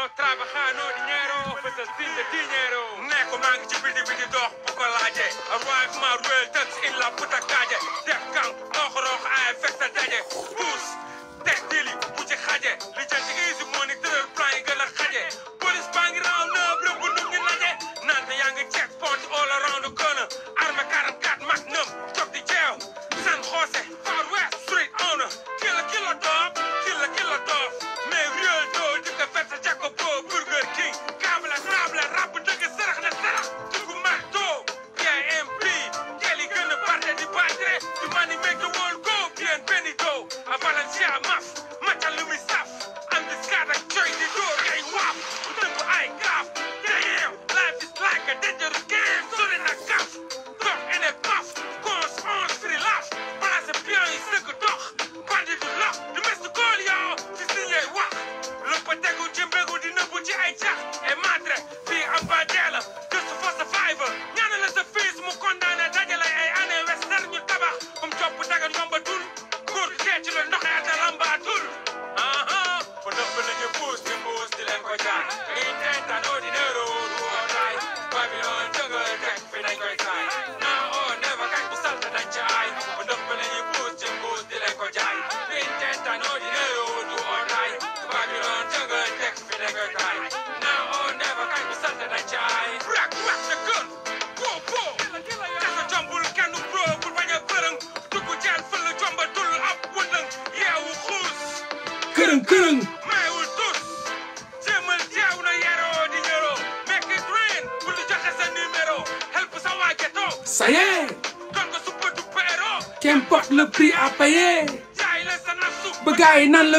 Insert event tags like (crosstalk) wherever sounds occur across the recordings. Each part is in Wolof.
No trabaja, no dinero, offices sin de dinero. Neko ci biti biti dox bu ko laaje. A wife ma real tax in la a kaaje. Def gang, rox rox a fekk sa daje. Tous, te dili bu ci xaje. Li jël ci easy money tëral gën a xaje. Police baa ngi raw na bleu bu ndum ngi laje. Nante yaa ngi check point all around the corner. Arme 44 magnum, toog di jeew. San Jose, balancear más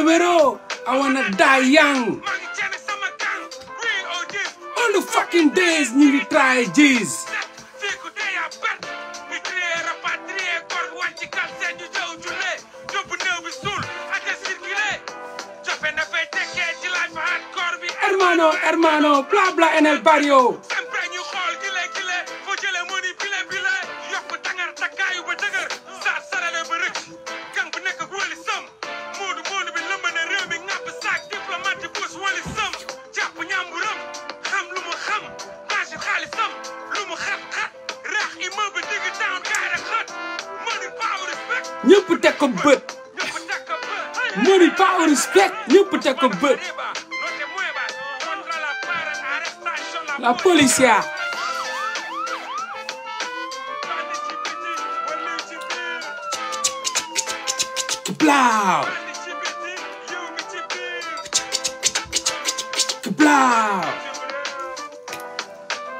Guerrero, I wanna die young. All the fucking days ñu ngi try jeez. Hermano, hermano, bla bla en el barrio. La policía. Blau. Blau.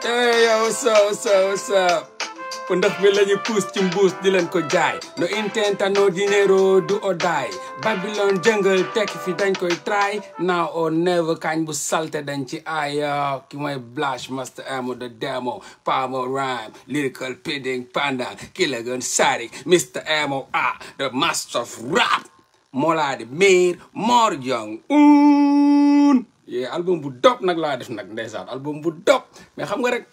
Hey eh, yo, what's up, what's up, what's up? Pendak bila you push cimbus dilan kau jai. No intenta, no dinero do or die. Babylon jungle tekki fi dañ koy try now or never kañ bu salte dañ ci aaya uh, ki mooy Blash Master Amo the Demo Pamo Rhyme lyrical pudding panda Kilagon Sarik Mr Amo ah the master of rap Mollah the Maire Mor Jong Un yee album bu dop nag laa def nag ndeysaan album bu dop mais xam nga rek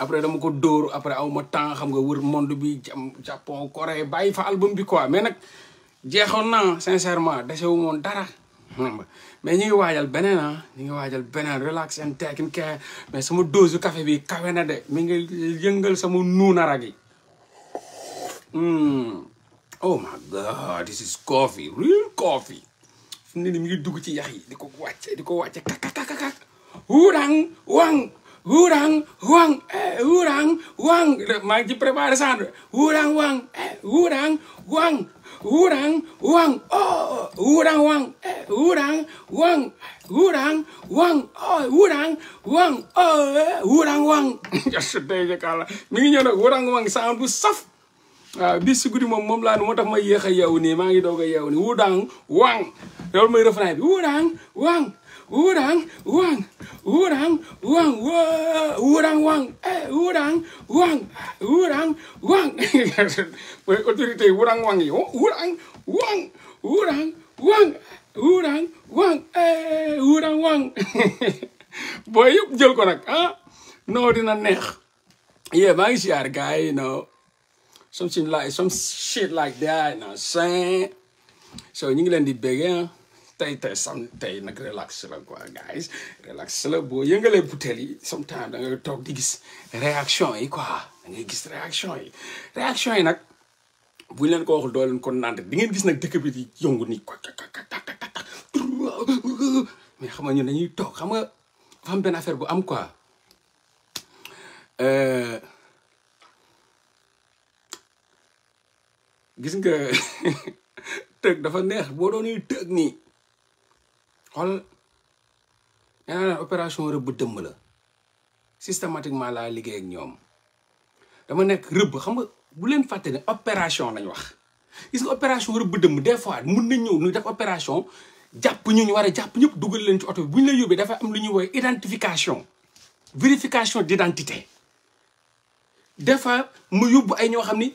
après dama ko dóor après aw ma temps xam nga wër mond bi Japon Corée bàyyi fa album bi quoi mais nag jeexon na sincèrement déssé wu mon dara mais ñi ngi wajal benen ha ah. ñi ngi wajal benen relax and take care mais sama dose café bi kawé na de mi ngi yëngël sama ragi hmm oh my god this is coffee real coffee fini ni mi ngi dugg ci yax yi di ko wàcce di kak kak kak hurang wang hurang wang hurang wang ma ngi préparer ça hurang wang eh hurang wang urang wang oh urang wang eh urang wang urang wang oh urang wang oh eh urang wang (laughs) ya sudee je kala mi ngi ñëw wang sound bu saf waaw ah, bi si guddi moom moom laa ne moo tax ma yéex a wang loolu mooy refrain bi wang udang uang udang uang udang uang eh udang uang udang uang pues otorite udang uang yo udang uang udang uang udang uang eh udang uang (laughs) boy jël ko nak ah no dina neex yeah maa ngi siyaar gars yi you know something like some shit like that you know saying so ñu ngi leen di bégee ah tey tey sam tey nag relax la quoi guys relax la boo yëngalee butéel yi sometimes da ngay toog di gis réaction yi quoi da eh? ngay gis réaction yi réaction eh, yi nag buñ leen ko waxul doo leen ko nante di ngeen gis nag dëkk bi di yëngu nii quoi mais xam nga ñun dañuy toog xam nga dafa am benn affaire bu am quoi euh, gis nga (laughs) tëg dafa neex boo doonuy tëg nii xool nee naa opération rëbb dëmm la systématiquement laa liggéey ak ñoom dama nekk rëbb xam nga bu leen fàtte ne opération lañ wax gis nga opération rëbb dëmm des fois mun nañ ñëw ñu def opération jàpp ñu ñu war a jàpp ñëpp dugal leen ci oto bi bu ñu la yóbbee dafa am lu ñuy woowee identification vérification d'identité des fois mu yóbbu ay ñoo xam ni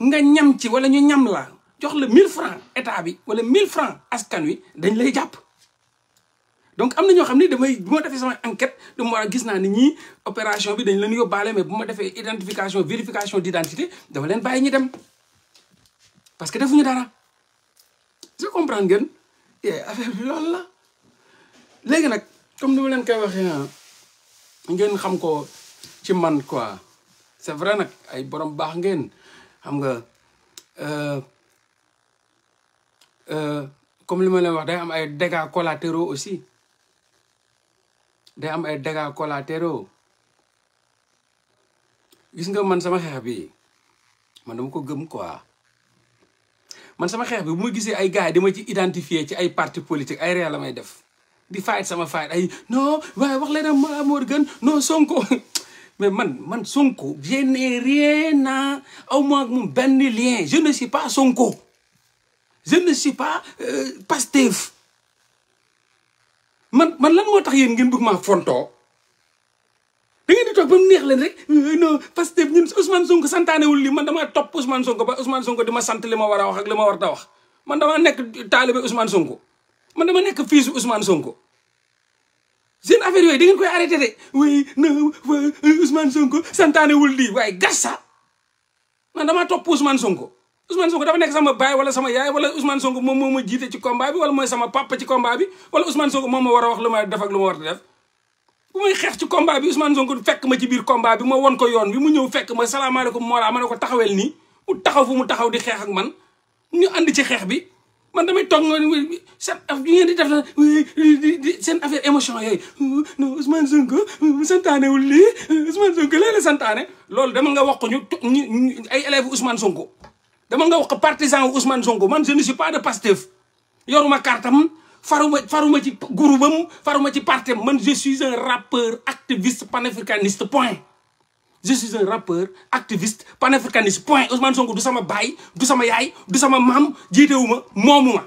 nga ñam ci wala ñu ñam la jox le 1000 francs état bi wala 1000 francs askan wi dañ lay japp donc amna ño xamni xam ne damay bu ma sama enquête du war gis na ni ñii opération bi dañ leen yóbbaale mais buma défé identification vérification d'identité, identité dama leen bàyyi ñu dem parce que ñu dara. je comprends ngeen affaire lool la légui nak comme ni leen kay koy waxee ah, ngeen xam ko ci man quoi c'est vrai nak ay borom bax ngeen. xam nga euh, euh, comme li ma leen wax day am ay dégâts collatéraux aussi day am ay dégâts collatéraux gis nga man sama xeex bi man dama ko gëm quoi man sama xeex bi mu gisee ay gars yi ma ci identifier ci ay parti politique ay réew la may def di fight sama fight ay non waaye wax leen Mollah Morgun non Sonko (laughs) mais man man Sonko je n'ai rien à Au moins, mon ben lien je ne suis pas Sonko je ne suis pas euh, Pastef man man lan mo tax yéen ngeen bëgg ma fonto da ngeen di toog bam neex leen rek euh, non Pastef ñun Ousmane Sonko wul li man dama top Ousmane Sonko ba Ousmane Sonko di ma sant li ma war wax ak li ma war ta wax man dama nek talibé Ousmane Sonko man dama nek fils Ousmane Sonko seen affaire yooyu da ngeen koy arrêté de oui na Ousmane Sonko santaanewul lii waaye gassa man damaa topp Ousmane Sonko Ousmane Sonko dafa nekk sama baay wala sama yaay wala Ousmane Sonko moom moo ma jiite ci combat wala mooy sama papa ci bi wala Ousmane Sonko moom ma war a wax lu ma def ak lu ma war a def bu may xeex ci combat bi Ousmane Sonko fekk ma ci biir combat bi ma won ko yoon bi mu ñëw fekk ma salaamaaleykum Mawla ma ne ko taxawel nii mu taxaw fu mu taxaw di xeex man ñu ànd ci xeex bi man damay toog nga seen affaire yi ngeen di def na seen affaire émotion yooyu non Ousmane Sonko santaanewul lii Ousmane Sonko lee santaane loolu dama nga wax ko ñu ay élèves Ousmane Sonko dama nga wax ko partisan wu Ousmane Sonko man je ne suis pas de Pastef yoruma kartam faruma faruma ci groupe am faruma ci parti man je suis un rappeur activiste panafricaniste point je suis un rappeur activiste panafricaniste point Ousmane Sonko du sama baay du sama yaay du sama mam, jiitewuma moomu ma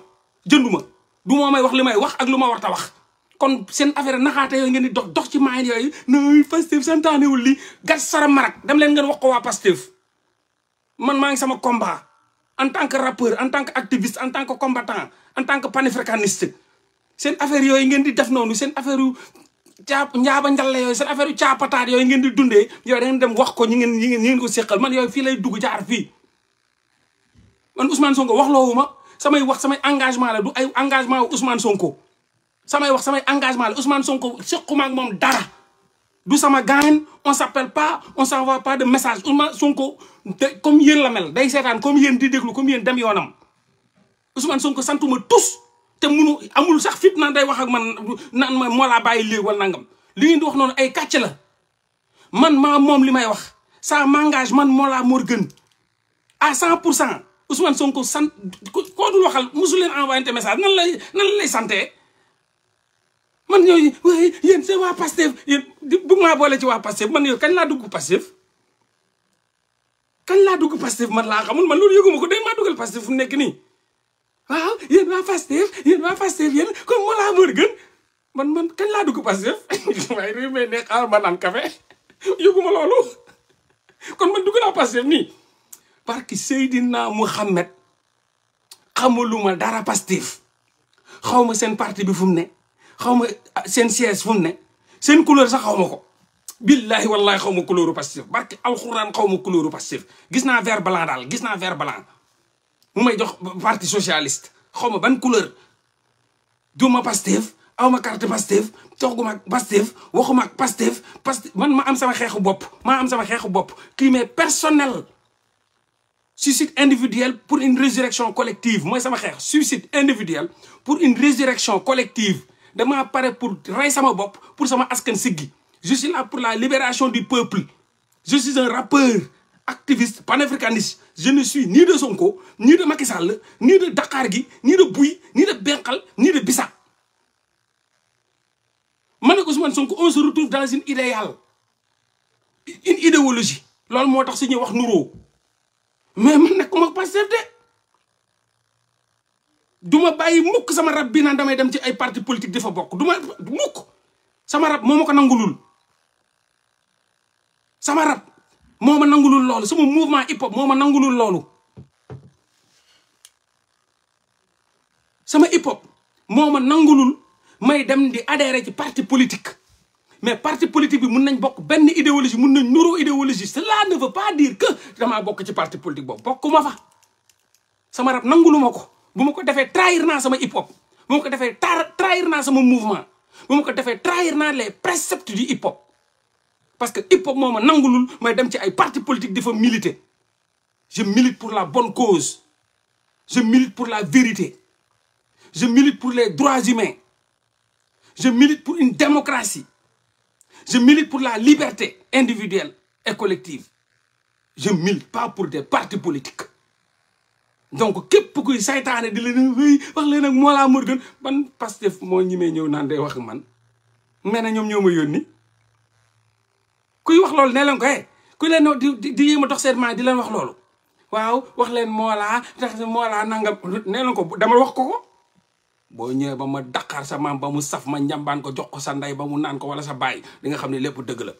jënduma du moo may wax li un wax ak lu ma wax kon seen affaire naxaate yooyu ngeen di dox dox ci maayen yooyu nooy Pastef santaanewul li gas sara marak dem leen ngeen wax ko waa Pastef man maa sama combat en tant que rappeur en tant que activiste en tant que combattant en tant que panafricaniste seen affaire yooyu ngeen di def noonu seen affaire caa njaaba njalla yooyu seen affaire yu caapataat yooyu ngeen di dundee yooyu da ngeen dem wax ko ñi ngeen ñi ngeen ko séqal man yooyu fii lay dugg jaar fii man Ousmane Sonko wax loowu ma samay wax samay engagement la du ay engagement wu Sonko samay wax samay engagement la Sonko séquma ak moom dara du sama gaañ on s'appelle pas on s'envoie pas de message Ousmane Sonko comme yéen la mel day seetaan comme yéen di déglu comme yéen dem yoonam Ousmane Sonko santuma tous te munu amul sax fit naan day wax ak man naan ma moo laa bàyyi lii wala nangam li ngeen di wax noonu ay kàcc la man maa moom li may wax ça mangage man Mollah Morgun à cent pour cent Ousmane Sonko sant koo dul waxal mosu leen envoyé nan lay nan lay santee man ñooñu waaye yéen c'est waa Pastef yéen bëgg maa boole ci waa Pastef man yow kañ laa dug Pastef kañ laa dugg Pastef man laa xamul man loolu yëguma ko day maa dugal Pastef fu nekk ni waaw ah, yéen waa Pastef yéen waa Pastef yéen comme Mollah Morgun man man kañ laa dugg Pastef (laughs) waaye réew mi ne xaaral ah, ma naan café (laughs) yëguma loolu kon man dugg naa Pastef nii parce que Seydina Mouhamed xamuluma dara Pastef xaw ma seen parti bi fu mu ne xaw ma ah, seen siège fu mu ne seen couleur sax xaw ma ko billahi wallahi xaw ma couleuru Pastef barke alxuraan xaw ma couleuru Pastef gis naa vert blanc daal gis naa vert balaan mu may jox parti socialiste xaw ma ban couleur duma Pastef aw ma carte Pastef togguma ak Pastef waxuma ak Pastef Pastef man ma am sama xeexu bopp ma am sama xeexu bopp qui m'est personnel suicide individuel pour une résurrection collective ça sama xeex suicide individuel pour une résurrection collective damaa pare pour rey sama bopp pour sama askan sigi. je suis là pour la libération du peuple je suis un rappeur activiste panafricaniste je ne suis ni de Sonko ni de Macky Sall ni de Dakar ni de Bouy ni de Benkal, ni de Bissa. ma Ousmane Sonko on se retrouve dans une idéal une idéologie loolu moo tax wax nuro. mais man nekkuma Pastef de du ma bàyyi mukk sama rab bi naan dem ci ay parti politique de fa bokk du ma mukk sama rab moo ma ko nangulul sama rab moo ma nangulul loolu sama mouvement hip hop moo ma nangulul loolu sama hip hop moo ma nangulul may dem di adhérer ci parti politique mais parti politique bi mun nañ bokk benn idéologie mun nañ nuroo idéologie cela ne veut pas dire que damaa bokk ci parti politique boobu bokkuma fa sama rab nangulu ma ko bu ma ko defee trahir naa sama hip hop bu ma ko defee trahir naa sama mouvement bu ma ko defee trahir naa les préceptes du hip hop parce que hip hop nangulul parti politique militer je milite pour la bonne cause je milite pour la vérité je milite pour les droits humains je milite pour une démocratie je milite pour la liberté individuelle et collective je milite pas pour des partis politiques donc kuy wax lol ne leen ko eh ku len di di yéem dox set maa di len wax lol waw wax len moolaa tax moolaa nangam ne leen ko dama wax ko bo boo ba ma dakar sa mam ba mu saf ma ko jox ko sa nday ba mu naan ko wala sa bay di nga xamni lepp deug la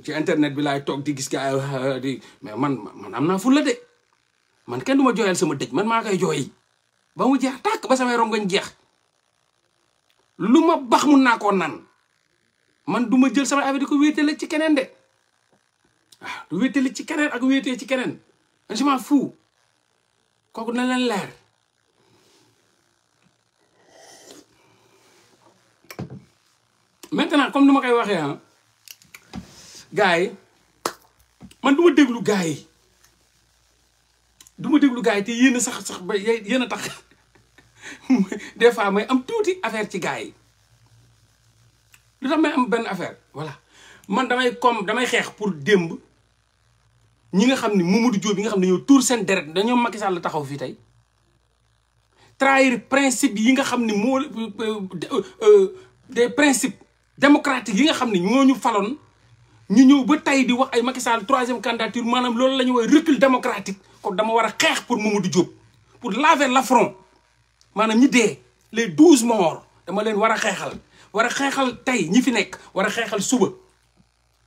ci internet bi lay tok di gis gaay di mais man man amna naa fulla de man kenn duma ma sama dëj man ma kay joy ba mu jeex tak ba sama rongoñ jeex luma bax mu nan man duma jël sama affaire di ko wéetale ci keneen de waaw ah, du ci keneen ak wéetee ci keneen man je m'en kooku na leen leer maintenant comme ni ma koy waxee ah gars yi man du déglu gars yi du ma déglu gars te yéen sax sax ba yéen a tax (laughs) des fois may am tuuti affaire ci gars yi lu tax may am benn affaire voilà man damay comme damay xeex pour démb ñi nga xam ne Mamadou Diop bi nga xam ne dañoo tuur seen deret dañoo Macky Sall taxaw fii tey trahir principe yi nga xam ne moo euh, euh, des principes démocratiques yi nga xam ne ñoo ñu faloon ñu ñëw ba tey di wax ay Macky Sall troisième candidature maanaam loolu la ñu wax recul démocratique kon dama war a xeex pour Mamadou Diop pour laver l'affront maanaam ñi dee les douze morts dama leen war a xeexal wara a tay ñi fi nek wara a suba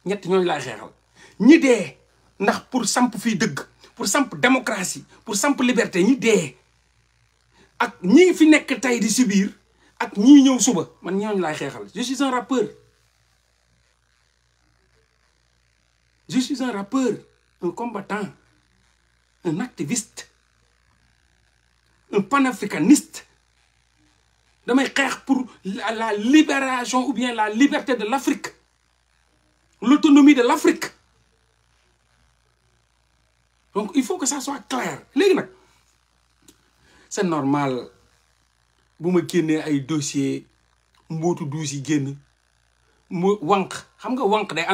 ñet ñoy la xeexal ñi dé ndax pour samp fi deug pour samp démocratie pour samp liberté ñi dé ak ñi fi nek tay di subir ak ñi ñew suba man ñoy la xeexal je suis un rappeur je suis un rappeur un combattant un activiste un panafricaniste damay xex pour la, libération ou bien la liberté de l'Afrique, l'autonomie de l'Afrique. Donc il faut que ça soit clair. C'est normal. Si je suis un dossier, Je duus yi génn mu wànq Je nga wànq day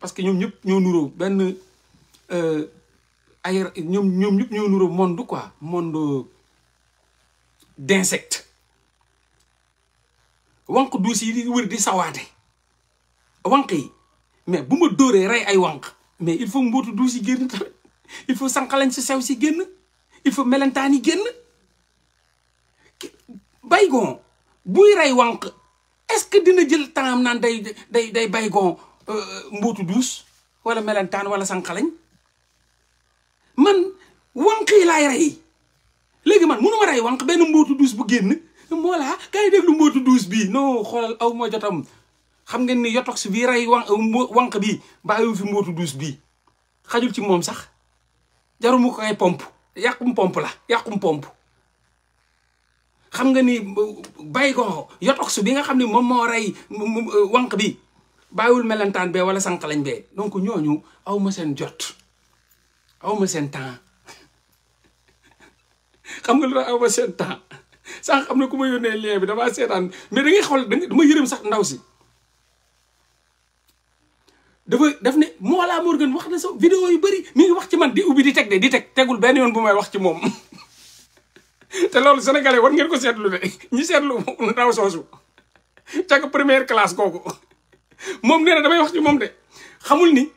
parce que nous sommes ñoo ay nous sommes... monde quoi monde d'insectes. wànq duus yi di wër di sawaate wànq yi mais bu ma dóoree rey ay wànq mais il faut mbootu duus yi génn tamit il faut sànqalañ si sew si génn il faut melentaan yi génn baygon buy rey wànq est-ce que dina jël temps am naan day day day baygon euh, mbootu duus wala melentaan wala sànqalañ man wànq yi laay rey léegi man mënu ma rey wànq benn mbootu duus bu génn Mollah kay déglu mbootu douze bii non xoolal aw ma jotam xam ngeen ni yotox bii rey wànq euh, bii bàyyiwu fi mbootu douze bii xajul ci moom sax jaru mu pompe yàqum la yàqum xam nga ni euh, bàyyi ko yotox bi nga xam ne moom moo rey euh, wànq bi bàyyiwul melentaan bee wala sànq lañ bee donc ñooñu aw ma seen jot aw seen temps (laughs) xam nga lu aw ma seen temps sax xam ne ku ma yónnee lien bi damaa seetaan mais da ngay xool da dama yërëm sax ndaw si dafa daf ne Mollah Morgun wax na sa vidéo yu bëri mi ngi wax ci man di ubbi di teg de di teg tegul benn yoon bu may wax ci moom (laughs) te loolu sénégalais war ngeen ko seetlu de ñi seetlu ndaw soosu càgg première classe kooku moom nee na damay wax ci moom de xamul ni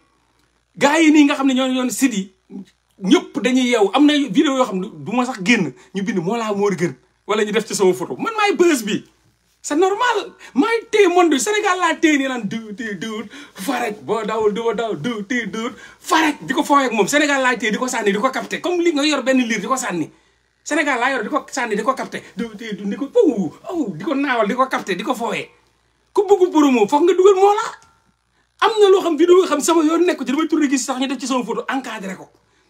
gars yi nii nga xam ne ñoo yoon sit ñëpp dañuy yeew am na vidéo yoo xam ne du ma sax génn ñu bind Mollah Morgun wala ñu def ci sama photo man maay bës bi c'est normal maay téye monde bi Sénégal laa téye nii naan diw téye diwut farek boo dawul diwa daw diw téye diwut farek di moom Sénégal laa di ko sànni di ko capté comme li nga yor benn liir di ko sànni Sénégal laa yor di ko sànni di ko capté diw téye ko powu oh, aw oh, di ko naawal di ko capté di ko fooyee ku nga dugal moo la am na loo xam vidéo nga xam sama yoon nekk ci damay tourné gis sax ñu def ci sama photo encadré ko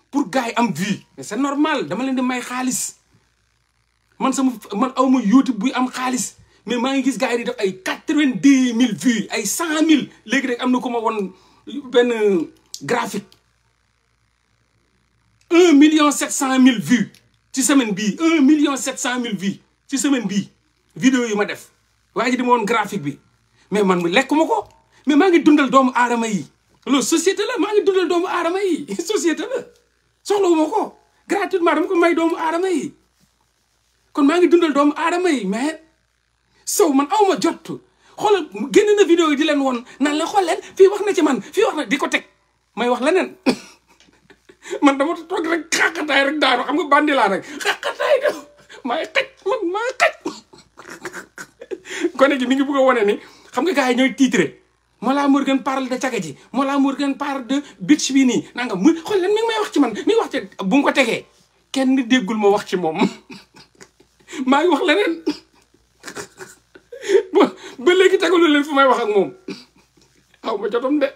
pour gars yi am vie mais normal dama leen di may xaalis man sama man awma youtube bu am xaalis mais maa ngi gis gars yi ay quatre-vingt-dix mille vues ay cent mille léegi rek am na ko ma won benn graphique un million sept cent mille vues ci semaine bi un million sept cent mille vues ci semaine bii vidéo yi ma def waa ji di ma woon graphique bi mais man mu lekk ma ko mais maa ngi dundal doomu aadama yi loolu société la maa ngi dundal doomu arama yi (laughs) société la soxlawu ma ko gratuitement dama ko may doomu aadama yi kon maa ngi dundal doomu aadama yi mais sow man aw ma jot xoolal génne na vidéo yi di leen woon nan la xool leen fii wax na ci man fii wax na di ko teg may wax leneen (coughs) man dama toog rek xaqataay rek daaru xam nga bandi laa rek xaqataay def maay xaj man maay xaj (coughs) gone gi mi ngi bëgg a ni xam nga gars yi ñooy titre Mollah Morgun parle de caga ji Mollah Morgun parle de bitch bi nii nanga mu xool leen mi ngi may wax ci man mi ngi wax ci bu nga ko tegee kenn déggul ma wax ci moom (laughs) maa ngi wax leneen ba léegi tegalu leen fu may wax ak moom aw ma de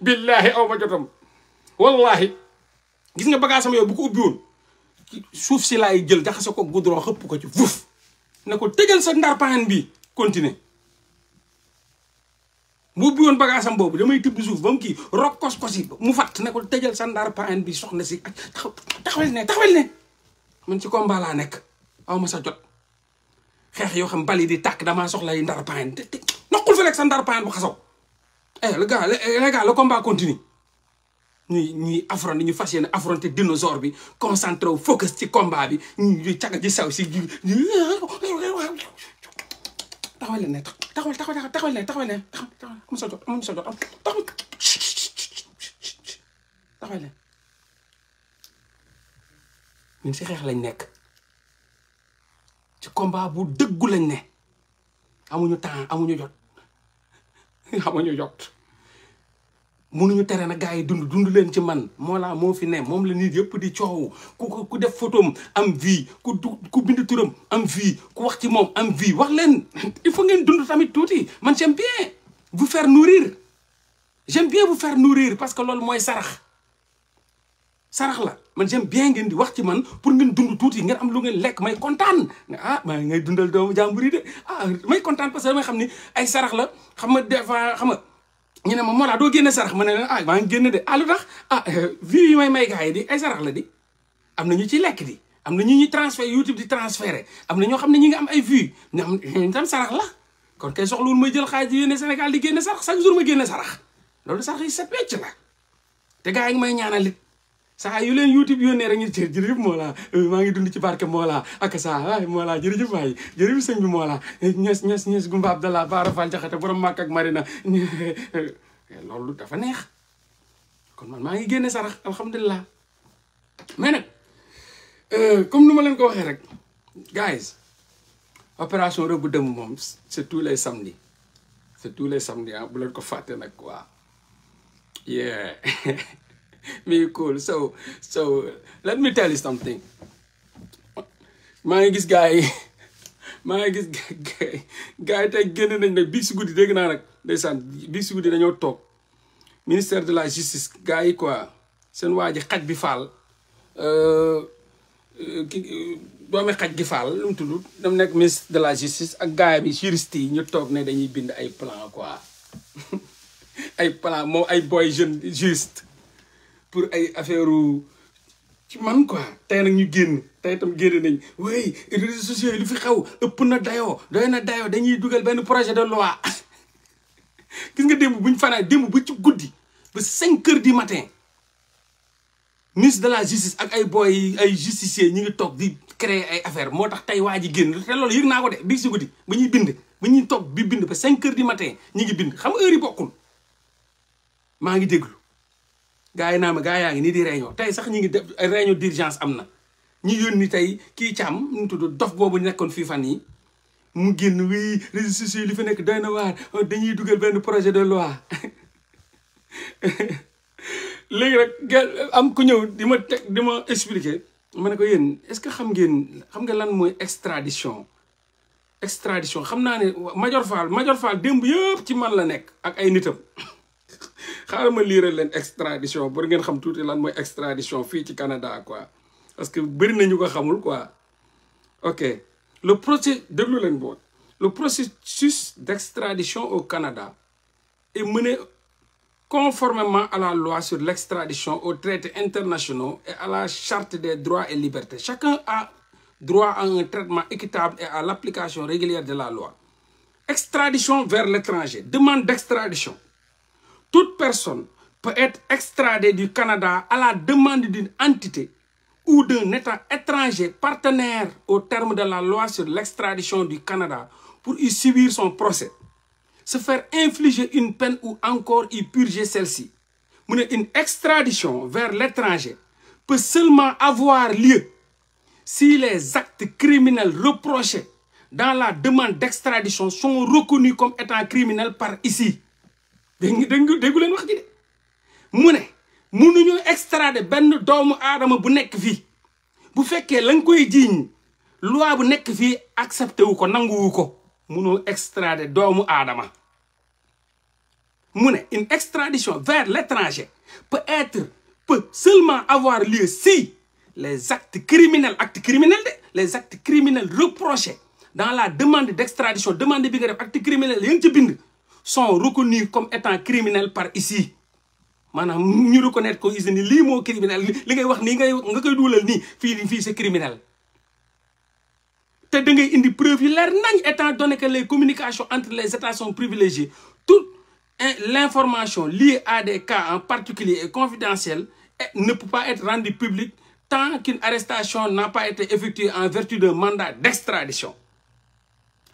billaahi aw ma jotam gis nga bagaasam yooyu bu ko ubbiwoon suuf si laay jël jaxase ko goudron xëpp ko ci fuuf ne ko tëjal sa ndar paxen bi continuer bu ubbi bagaasam boobu damay tibb suuf ba kii rok mu fàtt ne ko tëjal sa ndar paxen bi soxna si taxawel ne taxawel ne man ci combat laa nekk ne ma sa jot xex yo xam di bu eh le gars le eh, gars le combat continue ñi ñi affronter ñu fassiyene affronter bi focus combat bi saw ci combat bu dëggu lañ ne amuñu temps amuñu jot (laughs) amuñu jot mënuñu tere na gars dund dund leen ci man moo laa moo fi né mom la nit yépp di coow ku ku def photom am vie ku ku bind turam am vie ku wax ci mom am vie wax leen (laughs) il faut ngeen dund tamit touti man j'aime bien vous faire nourrir j'aime bien vous faire nourrir parce que loolu moy sarax sarax la man j'aime bien ngeen di wax ci man pour ngeen dund tuuti ngeen am lu ngeen lekk may kontaan ah maa ngay dundal doomu jàmbur yi de ah, may kontaan parce que damay xam ni ay sarax la xam nga des fois xam nga ñu ne ma Mollah doo génne ma ne leen ah, maa ngi génne de ah lu tax ah vues yi may may gars la di am na ñu ci lekk di am na ñu ñuy transfert YouTube di transféré am na ñoo xam ne ñu ngi am ay vues ñu am ñu tam la kon kay soxlawul may jël xaalis di yéene Sénégal di génne sarax chaque jour ma génne sarax loolu sarax yi set wecc la te gaa yi ngi may ñaanal saa yu leen youtube yónnee rek ñu ci jërëjëf Mollah euh, maa ngi dund ci barke Mollah ak saa waay Mollah jërëjëf waay jërëjëf sëñ bi Mollah eh, ñes ñes ñes gumba Abdallah Baara Fall Jaxate borom màkk ak marina eh, loolu dafa neex kon man maa ngi génne sarax alhamdulilah mais nag euh, comme nu ma leen ko waxee rek guys opération bu dëmm moom c'est tous les samedis c'est tous les samedis ah bu leen ko fàtte nag waaw yeah (laughs) me (laughs) cool so so let me tell you something maa ngi gis gars (laughs) yi maa ngi gis gars yi tey génn nañ ne bii si guddi dégg naa nag ndeysaan bii si guddi dañoo toog ministère de la justice gars yi quoi seen waa xaj bi faal euh, ki doomi xaj gi faal lu mu tudd nekk ministre de la justice ak gars yi juriste yi ñu toog ne dañuy bind ay plan quoi (laughs) ay plan moo ay boy jeune juriste pour ay affaire ci man quoi tey nag ñu génn tey tam génn nañ oui fi xaw ëpp na dayoo doy na dayoo dañuy dugal benn projet de loi (laughs) gis nga démb buñ fanaa démb ba ci guddi ba cinq heures du matin ministre de la justice ak ay booy ay justicier ñu ngi toog di créer ay affaire moo tax tey waa ji génn te loolu yëg naa ko de bii si guddi ba ñuy bind bu ñuy toog bi bind ba cinq heures du matin ñu ngi bind xam heure yi bokkul maa ngi déglu gars yi naa ma gars yaa ngi nii di réunion tey sax ñu ngi def réunion d'urgence am na ñu yónni tey kii càmm nu tudd dof boobu nekkoon fii fan yi mu génn wii réseaux sociaux li fi nekk doy na waar oh, dañuy dugal benn projet de loi (laughs) léegi rek am ku ñëw di ma teg di ma expliquer ma ne ko yéen est-ce que xam ngeen xam nga lan mooy extradition extradition xam naa ne Major Fall Major Fall démb yëpp ci man la nekk ak ay nitam Je ma liiral extradition pour ngeen xam Canada parce que bëri ko ok le le processus d'extradition au Canada est mené conformément à la loi sur l'extradition aux traités internationaux et à la charte des droits et libertés. Chacun a droit à un traitement équitable et à l'application régulière de la loi. Extradition vers l'étranger, demande d'extradition toute personne peut être extradée du Canada à la demande d'une entité ou d'un État étranger partenaire au terme de la loi sur l'extradition du Canada pour y subir son procès, se faire infliger une peine ou encore y purger celle-ci. Une extradition vers l'étranger peut seulement avoir lieu si les actes criminels reprochés dans la demande d'extradition sont reconnus comme étant criminels par ici dégg déggu leen wax di de mu ne extrader benn doomu aadama bu nekk fii bu fekkee la nga koy jiiñ loi bu nekk fii accepté wu ko nanguwu ko mënoo extrader doomu aadama mu ne une extradition vers l'étranger peut être peut seulement avoir lieu si les actes criminels actes criminels de les actes criminels reprochés dans la demande d'extradition demande bi nga def acte criminel ya nga ci bind sont reconnus comme étant criminels par ici Maintenant, nous reconnaître qu'ils sont criminels, criminels. moo criminel li ngay wax nii ngay nga koy criminel te da ngay indi preuve étant donné que les communications entre les états sont privilégiées toute l'information liée à des cas en particulier et confidentielle ne peut pas être rendue publique tant qu'une arrestation n'a pas été effectuée en vertu d'un mandat d'extradition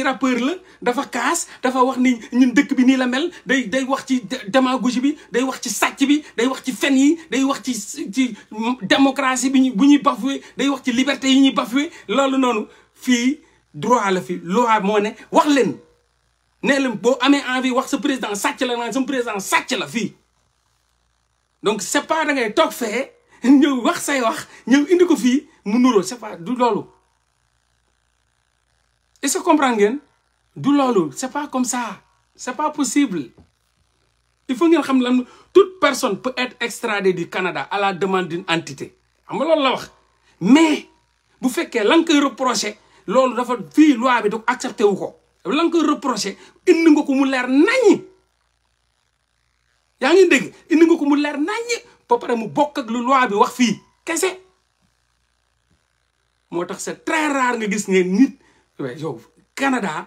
rappeur la dafa casse d'avoir wax ni ñun dëkk bi à la mel day day wax ci démagogie bi day wax ci sacc bi day wax ci fen yi day wax ci ci démocratie bi ñu bu day wax ci liberté yi ñuy droit la fi loi nous, ne wax leen leen nous, envie wax nous, président sacc la nous, nous, président la vie donc c'est pas da ngay tok nous, ñeu wax say wax ñeu indi ko nous, mu nuro, c'est pas du nous, est-ce que comprendre ngeen du loolu c'est pas comme ça c'est pas possible il faut ngeen xam lan toute personne peut être extradée du Canada à la demande d'une entité xam nga loolu la wax mais bu fekkee la nga koy reproché loolu dafa fii loi bi da ko accepté wu ko la nga koy reproché indi nga ko mu leer naññ yaa ngi dégg indi nga ko mu leer naññ ba pare mu bokk ak lu loi bi wax fii kese moo tax c'est très rare nga gis ne nit Canada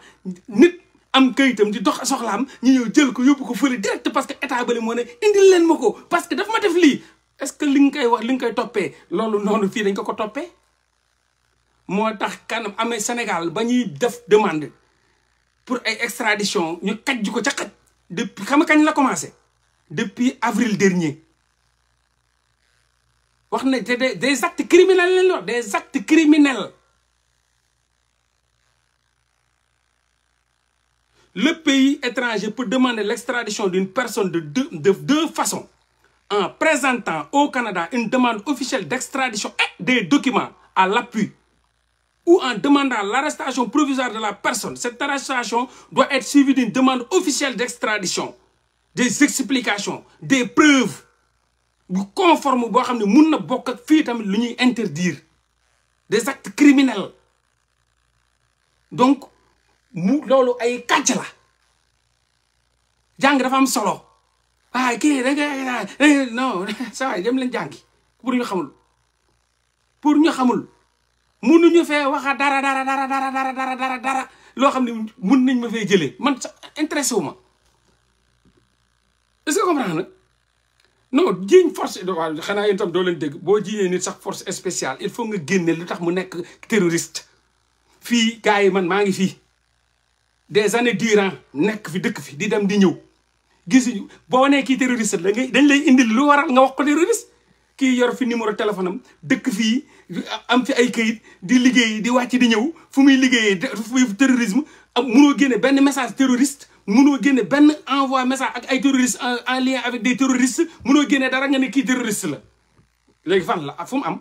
nit am kayitam di dox soxlam ñu jël ko ko direct parce que état le parce que daf ma def est-ce que li ngi topé wax li ngi kay topé lolu nonu fi dañ ko ko Sénégal bañuy demande pour ay extradition ñu jours, ko depuis xam commencé depuis avril dernier wax des actes criminels des actes criminels le pays étranger peut demander l'extradition d'une personne de deux, façons. En présentant au Canada une demande officielle d'extradition et des documents à l'appui ou en demandant l'arrestation provisoire de la personne. Cette arrestation doit être suivie d'une demande officielle d'extradition, des explications, des preuves conformes conforme interdire des actes criminels donc mu loolu ay kàcc la jàng dafa am solo waaye kii rek nga eh, non (laughs) sa waay dem leen jàngi pour ñu xamul pour ñu xamul mënuñu fee waxa dara dara dara dara dara dara dara dara loo xam ne mun nañ ma fee jëlee man sax intéressé wu ma est-ce que comprendre nga non jiiñ force waaw xanaa yéen tam doo leen dégg boo jiiñee nit sax force spéciale il faut nga génne lu tax mu nekk terroriste fii gars yi man maa ngi fii des années durant nekk fi dëkk fi di dem di ñëw gisuñu boo nee kii terroriste la ngay dañ lay indil lu waral nga wax ko terroriste kii yor fi numéro téléphone dëkk fii am fi ay këyit di liggéey di wàcc di ñëw fu muy liggéeyee terrorisme am munoo génne benn message terroriste munoo génne benn envoi message ak ay terroristes en lien avec des terroristes munoo génne dara nga ne kii terroriste la léegi fan la fu mu am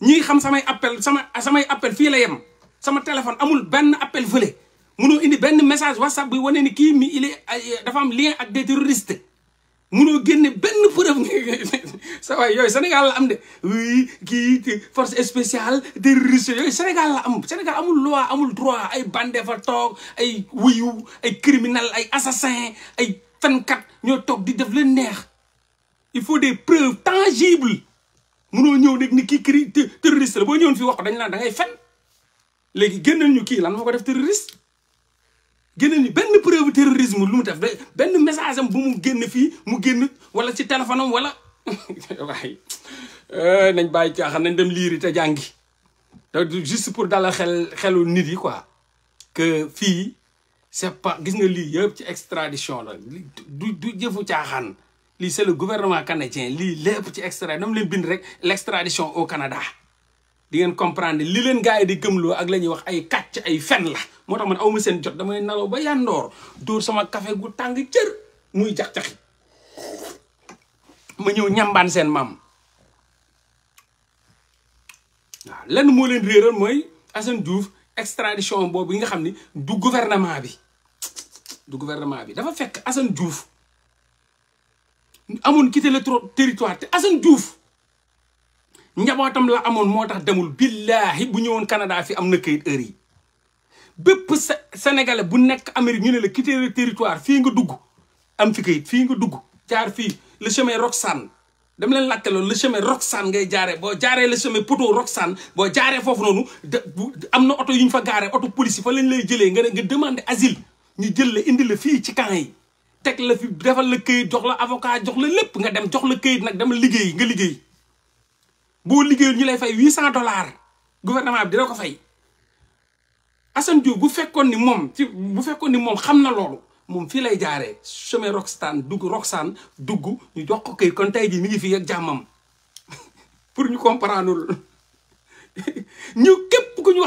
ñi xam samay appel sama samay appel fii la yem sama téléphone amul ben appel volé mënoo indi ben message whatsapp bu woné ni ki mi il est dafa am lien ak des terroristes mënoo génné ben (laughs) preuve (laughs) sa way yoy Sénégal la am de oui ki force spéciale terroriste yoy Sénégal la am Sénégal amul loi amul droit ay bandé fa tok ay wuyu ay criminel ay assassin ay kat ño tok di def le neex il faut des preuves tangibles mënoo ñëw nek ni ki terroriste la bo ñëw fi wax dañ la da ngay fenn léegi génnal ñu kii lan moo ko def terroriste génnal ñu benn preuve terrorisme lu mu def benn message am bu mu génn fii mu génn wala ci téléphone am wala (laughs) waaye euh, nañ bàyyi caaxaan nañ dem liiri te jàngi juste pour dala xel xelu nit yi quoi que fii c'est pas gis nga lii yëpp ci extradition la du du jëfu caaxan lii c'est le gouvernement canadien lii lépp ci extradition dama leen bind rek l'extradition au Canada di ngeen comprendre li leen gars yi di gëmloo ak la ñuy wax ay kàcc ay fen la moo tax man awma seen jot damay nalaw ba yandoor dóor sama café gu tàng cër muy jax-jaxi ma ñëw ñàmbaan seen maam waaw lenn moo leen réeral mooy Assane Diouf extradition boobu yi nga xam ni du gouvernement bi du gouvernement bi dafa fekk Assane Diouf amoon quitté le territoire te Assane Diouf njabootam la amoon moo tax demul billaahi bu ñëwoon Canada fi am na kayit heure yi bépp sénégalais bu nekk Amérique ñu ne la quitter le territoire fii nga dugg am fi kayit fii nga dugg jaar fii le chemin Roxane dama leen laajte loolu le chemin Roxane ngay jaaree boo jaaree le chemin poteau Roxane boo jaaree foofu noonu am na oto yu ñu fa gaaree oto police yi fa lañ lay jëlee nga nga demandé asile ñu jël la indi la fii ci camp yi teg la fi defal la këyit jox la avocat jox la lépp nga dem jox la këyit nag liggéey nga liggéey. bo ñu lay fay 800 dollars gouvernement bi dina ko fay Assane bu ni mom ci bu fekkone ni mom xamna lolu mom fi lay chemin roxstan dug Roxane dug ñu jox ko kay kon mi ngi ak (laughs) pour ñu comprendre (laughs) ñu ku ñu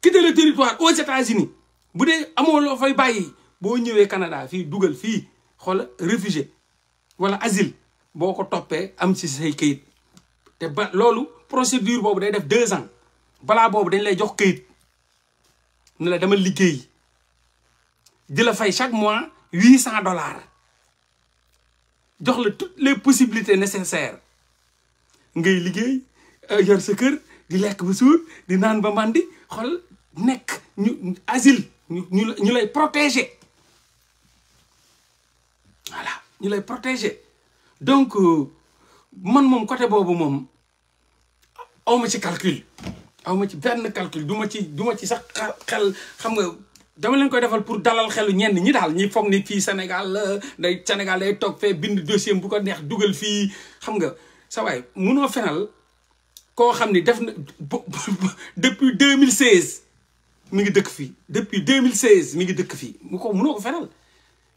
quitter le territoire aux États-Unis bu fay bo Canada dugal fi xol réfugié wala asile boko topé am ci say té procédure dure day deux ans bala bobu dañ lay jox keuyit ne la dama liggéey di chaque mois 800 dollars jox toutes les possibilités nécessaires ngay liggéey euh, yar sa kër di lek ba te di nan ba mandi xol te ñu asile ñu lay protéger voilà ñu lay protéger donc. Euh, man moom côté boobu moom awma ci calcul awma ci benn calcul du ma ci du ma ci sax xel xam nga dama leen koy defal pour dalal xelu ñenn ñi daal ñi foog ni fii Sénégal la day Sénégal day toog fee bind dossier bu ko neex dugal fii xam nga sa waay munoo fenal koo xam ni def na depuis deux mille 2016 mi ngi dëkk fii depuis 2016 mi ngi dëkk fii mu ko munoo ko fenal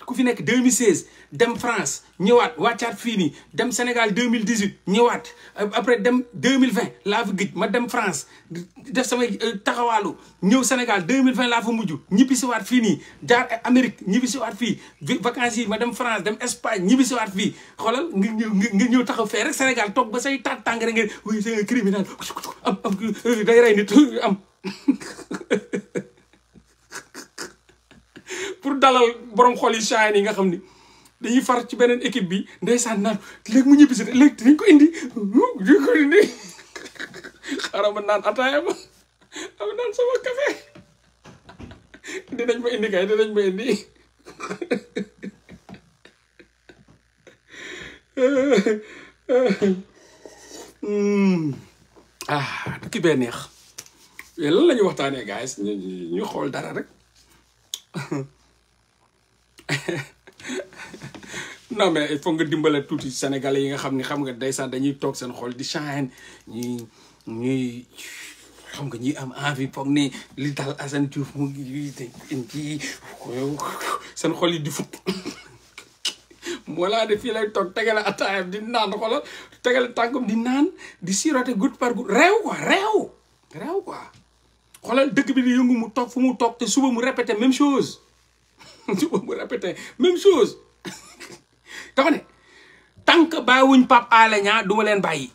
ku fi nekk 2016 dem France ñëwaat wàccaat fii nii dem Sénégal 2018 ñëwaat après dem 2020 laa fi gëj ma dem France def samay euh, taxawaalu ñëw Sénégal 2020 laa fa mujj ñibbisiwaat fii nii jaar Amérique ñibbisiwaat fii vacances yi ma dem France dem Espagne ñibbisiwaat fii xoolal ngir ñëw ngir ñëw taxaw fee rek Sénégal toog ba say taat tàng ngee ngeen oui c'est un criminel am am euh, day rey nit am. (laughs) pour dalal borom xol yi chaine yi nga xam ni dañuy far ci beneen équipe bi ndeysaan naan léegi mu ñibbi si léegi dinañ ko indi dinañ ko indi xaaral ma naan ataaya ma am ma indi kay hmm. ah, bee neex lan la ñuy waxtaanee gars yi ñu xool dara rek (laughs) non mais il faut nga dimbale tuuti sénégalais yi nga xam ni xam nga ndeysaan dañuy toog seen xol di chaîne ñuy ñuy xam nga ñuy am envie foog nii li dal Assane Diouf mu ngi ci xol yi di fut (coughs) de fii lay toog tegale ataayam di naan xoolal tegale tànkam di naan di sirote goutte par goutte réew quoi réew réew quoi xoolal dëkk bi di yëngu mu toog fu mu toog te suba mu répété même chose tu vois mu répéter même chose dafa ne tant que bàyyiwuñ pap Alé Niang du ma leen bàyyi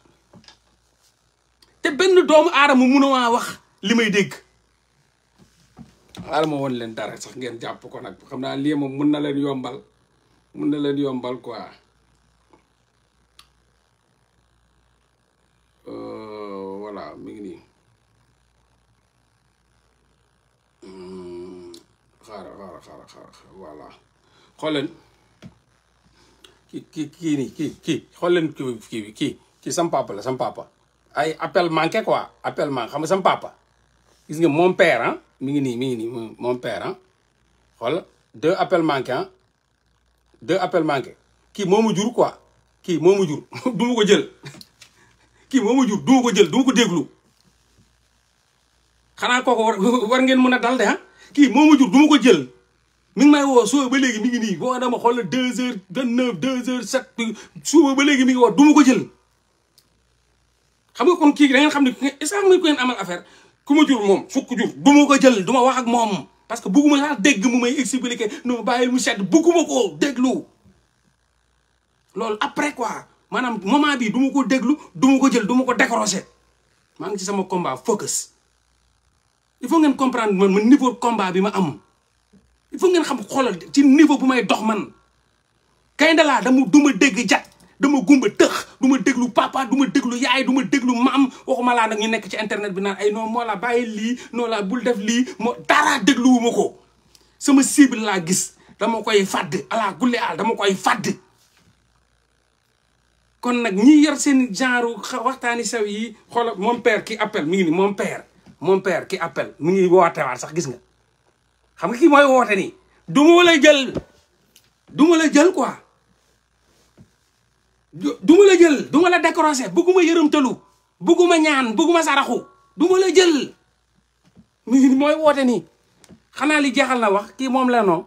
te benn doomu mëna mënuma wax limay dégg dégg mo won len dara sax ngeen japp ko nak xamna li mo mëna len yombal mëna len yombal quoi euh voilà mi ngi nii xaaral xaaral xaaral xaaral voilà xool ki kii kii nii kii kii xool leen kii bi kii kii sam papa la ay appel manqué quoi appel manqué xam nga sam papa gis nga mon père ah. mi ngi nii mi ngi nii mon père ah xool deux appel manqué ah deux appel manqué kii moo ma jur quoi kii moo (laughs) ma (laughs) jur du ko jël kii moo ma jur du ko jël du ko déglu xanaa kooku (laughs) war ngeen mën a dal de ah kii moo ma jur du ma ko jël mi ngi may woo suba ba léegi mi ngi nii boo dama xool deux heures vingt neuf deux heures sept suba ba léegi mi ngi wax ma ko jël xam nga kon kii da xam ne est-ce que am nga ku ngeen amal affaire ku ma jur moom fukk jur du ma ko jël du ma wax ak moom parce que bugguma laa dégg mu may expliquer nu ma mu sedd bugguma koo déglu loolu après quoi maanaam moment bii du ma ko déglu du ma ko jël duma ko décrocher maa ngi ci sama combat focus il faut ngeen comprendre man man niveau combat bi ma am il faut ngeen xam xoolal ci niveau bu may dox man Kaynde laa dama du ma dégg jat dama gumba tëx du ma déglu papa duma ma déglu yaay du ma déglu maam waxuma laa nag ñu nekk ci internet bi naan ay non moo la bàyyi lii non la bul def lii moo dara dégluwu ma ko sama cible laa gis dama koy fàdd ala gulle al dama koy fàdd kon nag ñi yor seen genre waxtaani sew yi xoola moom père ki appel mi ngi ni moom père mon père qui appelle mu ngi wootewaat sax gis nga xam nga ki mooy woote nii du ma la jël du ma la jël quoi du ma la jël du ma la décroché bëgguma yërëmtalu bëgguma ñaan bëgguma saraxu du ma jël mu mooy woote nii xanaa li jeexal na wax kii moom la non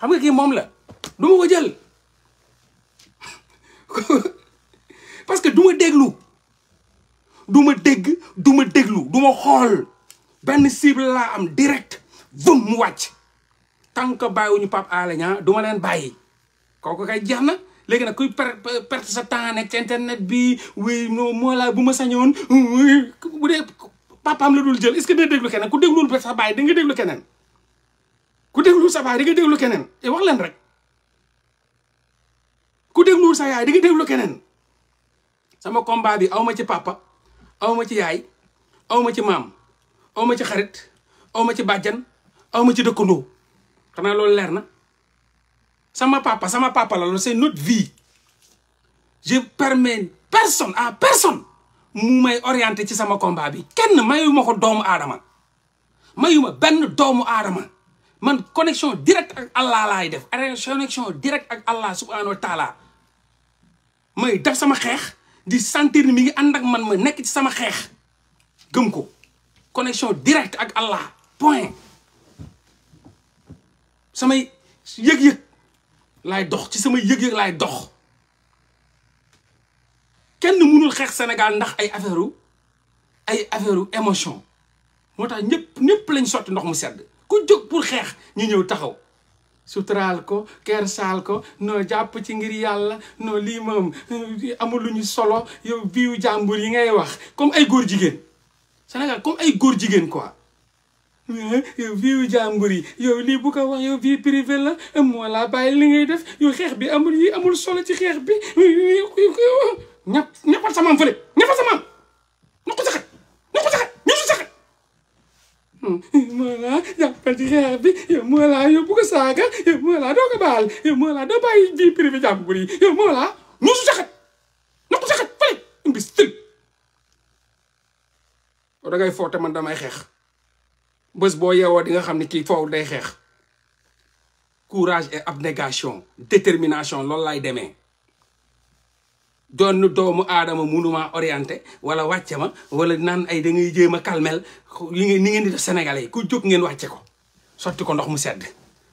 xam nga kii moom la du ma jël (laughs) parce que du déglu du ma dégg du ma déglu du ma xool benn cible laa am direct vëm mu wàcc tant que bàyyiwuñu Pape Alé Niang du ma leen bàyyi kooku kay jeex na léegi nag kuy perte sa temps nekk ci internet bi oui moo laa bu ma sañoon bu dee papaam la dul jël est-ce que dina déglu keneen ku dégluwul sa baay da nga déglu keneen ku dégluwul sa baay nga déglu keneen et eh, wax leen rek ku dégluwul sa yaay da nga déglu keneen sama combat bi ma ci papa awma ci yaay awma ci maam awma ci xarit awma ci bàjjan awma ci dëkkandoo xanaa loolu leer na sama papa sama papa la loolu c'est notre vie je permets personne à personne mu may orienté ci sama combat bi kenn mayu ma ko doomu aadama mayu ma benn doomu aadama man connexion direct ak Allah laay def connexion direct ak Allah subhanahu wa may def sama xeex di sentir ni mi ngi ànd ak man ma nekk ci sama xeex gëm ko connexion directe ak Allah point samay yëg-yëg lay dox ci samay yëg-yëg laay dox kenn mënul xeex Sénégal ndax ay affaire ay affaire émotion moo tax ñëpp ñëpp lañ sotti ndox mu sedd ku jóg pour xeex ñu ñëw taxaw suturaal ko kersaal ko noo jàpp ci ngir yàlla noo lii moom amul lu ñu solo yow biiwu jàmbur yi ngay wax comme ay góor jigéen Sénégal comme ay góor jigéen quoi eh, yow biiwu jàmbur yi yow lii bu ko wax yow vie privée la moo laa bàyyi li ngay def yow xeex bi amul yi amul solo ci xeex bi ña ñappal samaam fële ñappal samaam ña ko saxat ña ko saxat ña ko saxat Mollah jàppal ci xeex bi yow Mollah yow bu ko saaga yow Mollah doo ko baal yow Mollah doo bàyyi vie privée jàmbur yi yow Mollah nuusu saxat na ko saxat fële mbis tël da foote man damay xeex bés boo yeewoo di nga xam ne kii foofu day xeex courage et abnégation détermination loolu laay demee doon doomu aadama munuma orienté wala wàcce ma wala naan ay da ngay jéem a kalmel li ngeen ni ngeen di def sénégalais yi ku jóg ngeen wàcce ko sotti ko ndox mu sedd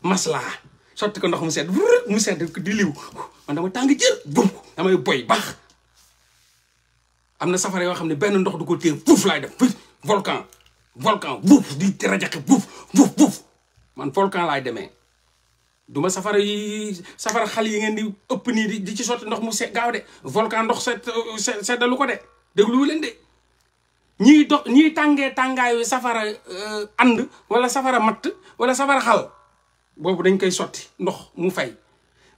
maslaa sotti ko ndox mu sedd mu sedd di liw man dama tàng jër bum damay boy baax am na safara yoo xam ne benn ndox du ko téye buuf laay def volcan volcan buuf di rajaxe buuf buuf man volcan laay demee duma safara yi safara xal yi ngeen di upp ni di ci sotti ndox mu se gaaw de volcan ndox set seddalu ko de dégluwu len de ñi dox ñiy tàngee safara and euh, wala safara mat, wala safara xal bobu dañ koy soti ndox mu fay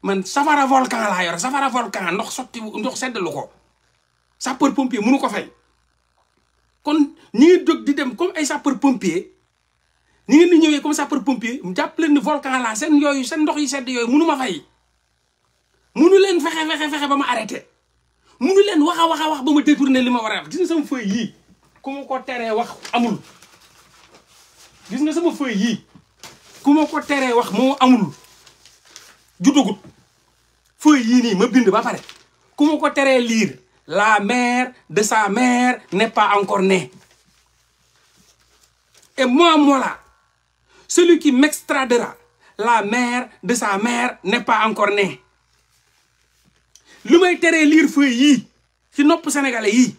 man safara volcan la yor safara volcan ndox soti ndox seddalu ko sapeur pompier mënu ko fay kon ñi jóg di dem comme ay sapeur pompier ni ngeen di comme ça pour pompier mu japp leen ni volcan la yoyu sen ndox yi sedd yoyu fay mënu leen fexé fexé fexé ba arrêté mënu leen waxa waxa wax détourné li ma je sama feuille yi kuma ko téré wax amul. gis sama feuille yi kuma ko téré wax mo amul feuille ma bind ba paré kuma ko téré lire la mère de sa mère n'est pas encore née et moi moi là. Celui qui m'extradera, la mère de sa mère n'est pas encore née. lu may teree liir feuille yii ci nopp sénégalais yii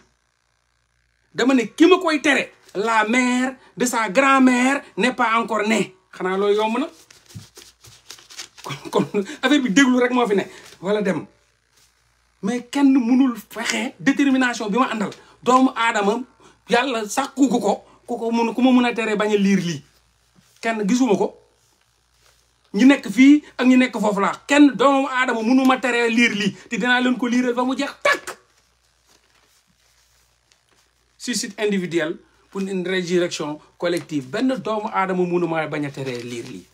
dama ne ki koy tere la mère de sa grand-mère n'est pas encore née xanaa loolu yomb na kon kon bi déglu rek moo fi ne wala dem mais kenn mënul fexe détermination bi ma àndal doomu aadama yàlla sàkku ko ko ku ko mun ku ma mun a teree bañ liir lire lii kenn gisuma ko ñu nekk fii ak ñu nekk foofu laa kenn doomu aadama mënuma teree liir lii te dinaa leen ko liiral ba mu jeex takk suicide individuel pour une résurrection collective benn doomu aadama mënuma bañ a teree liir lii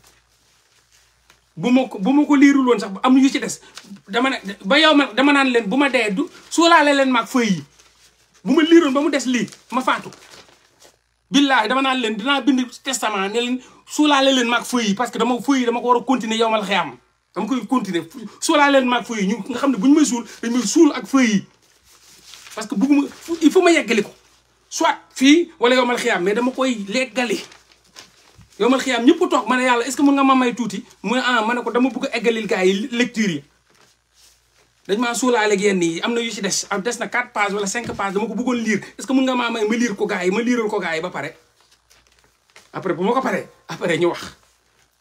bu ma ko bu ma ko liirul woon sax am yu ci des dama yow ma dama naan leen bu ma dee du suulaale leen maag feuille yi bu ma liiroon ba mu des lii ma faatu billaahi dama naan leen dinaa bind testament suulaale leen maag feuille yi parce que dama feuille yi dama ko war a continuer yow mal dama koy continuer suulaale leen maag feuille yi ñu nga xam ne bu ñu may suul dañ may suul ak feuille yi parce que bugguma il faut ma yeggali ko soit fii wala yow mal xeyam mais dama koy leggali yow mal xeyam ñëpp toog ma ne yàlla est-ce mun nga ma may tuuti mu ne ah ma ko dama bëgg a eggalil yi lecture yi dañ maa suulaale ak ah, ko bëggoon lire est-ce mun nga maa may ma lire ko gars yi ma liiral ko gars yi ba pare après bu ma ko paree après ñu wax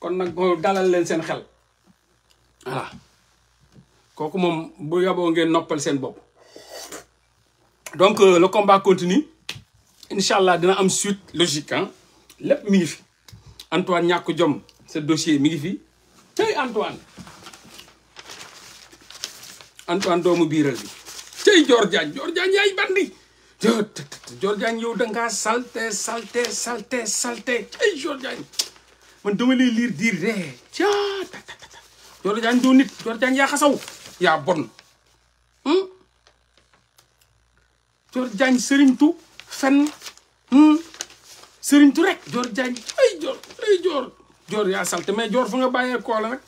kon nag moo dalal leen seen xel voilà kooku moom bu yaboo ngeen noppal seen bopp donc euh, le combat continue incha allah dina am suite logique ah lépp mi ngi fi Antoine ñàkk jom ce dossier mi ngi fi tey Antoine Antoine doomu biiral bi tey Dior Diagne Dior Diagne yaay bandi Dior Diagne yow da ngaa salte salte salte salte ay Dior Diagne man dama lay liir diir ree ja Dior Diagne doo nit Dior yaa xasaw yaa bon Dior Diagne sëriñtu fen hmm? sëriñtu rek Dior Diagne ay Dior ay Dior Dior yaa salte mais Dior fu nga bàyyee koola nag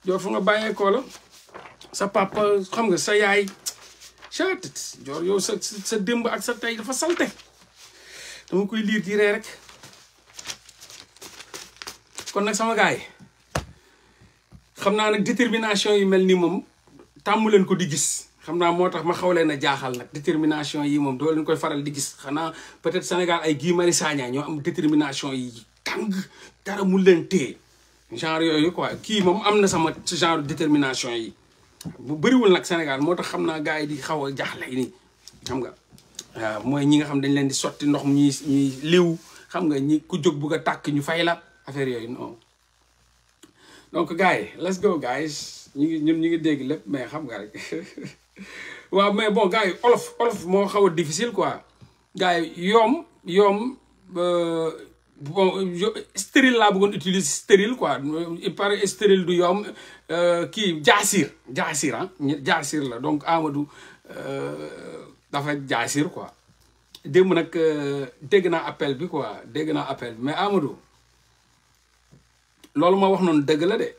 Dior fu nga sa papa xam nga sa yaay chat joor yow sa sa démb ak sa tey dafa salte dama koy liir di ree rek kon nag sama gars yi xam naa nag détermination yi mel nii moom tàmmu leen ko di gis xam naa moo tax ma xaw leen a jaaxal nag détermination yi moom doo leen koy faral di gis xanaa peut-être Sénégal ay Guy Marius ñoo am détermination yi tàng dara mu leen téye genre yooyu quoi kii moom am na sama genre détermination yi bu bëriwul nag Sénégal moo tax xam naa gars yi di xaw a jaaxle nii xam nga waaw mooy ñi nga xam dañ leen di sotti ndox ñuy ñuy liw xam nga ñi ku jóg bugg a tàkk ñu fay la affaire yooyu non donc gars yi let's go guys ñu ngi ñun ñu ngi dégg lépp mais xam nga rek (laughs) waaw mais bon gars yi olof olof moo xaw a difficile quoi gars yi yoom yoom euh, bon stérile laa buggoon utiliser stérile quoi il paraît stérile du yoom Euh, kii jaasir jaasir ah jaasir la donc Amadou euh, dafa jaasir quoi démb nag euh, dégg na appel bi quoi dégg na appel bi mais Amadou loolu ma wax noon dëgg la de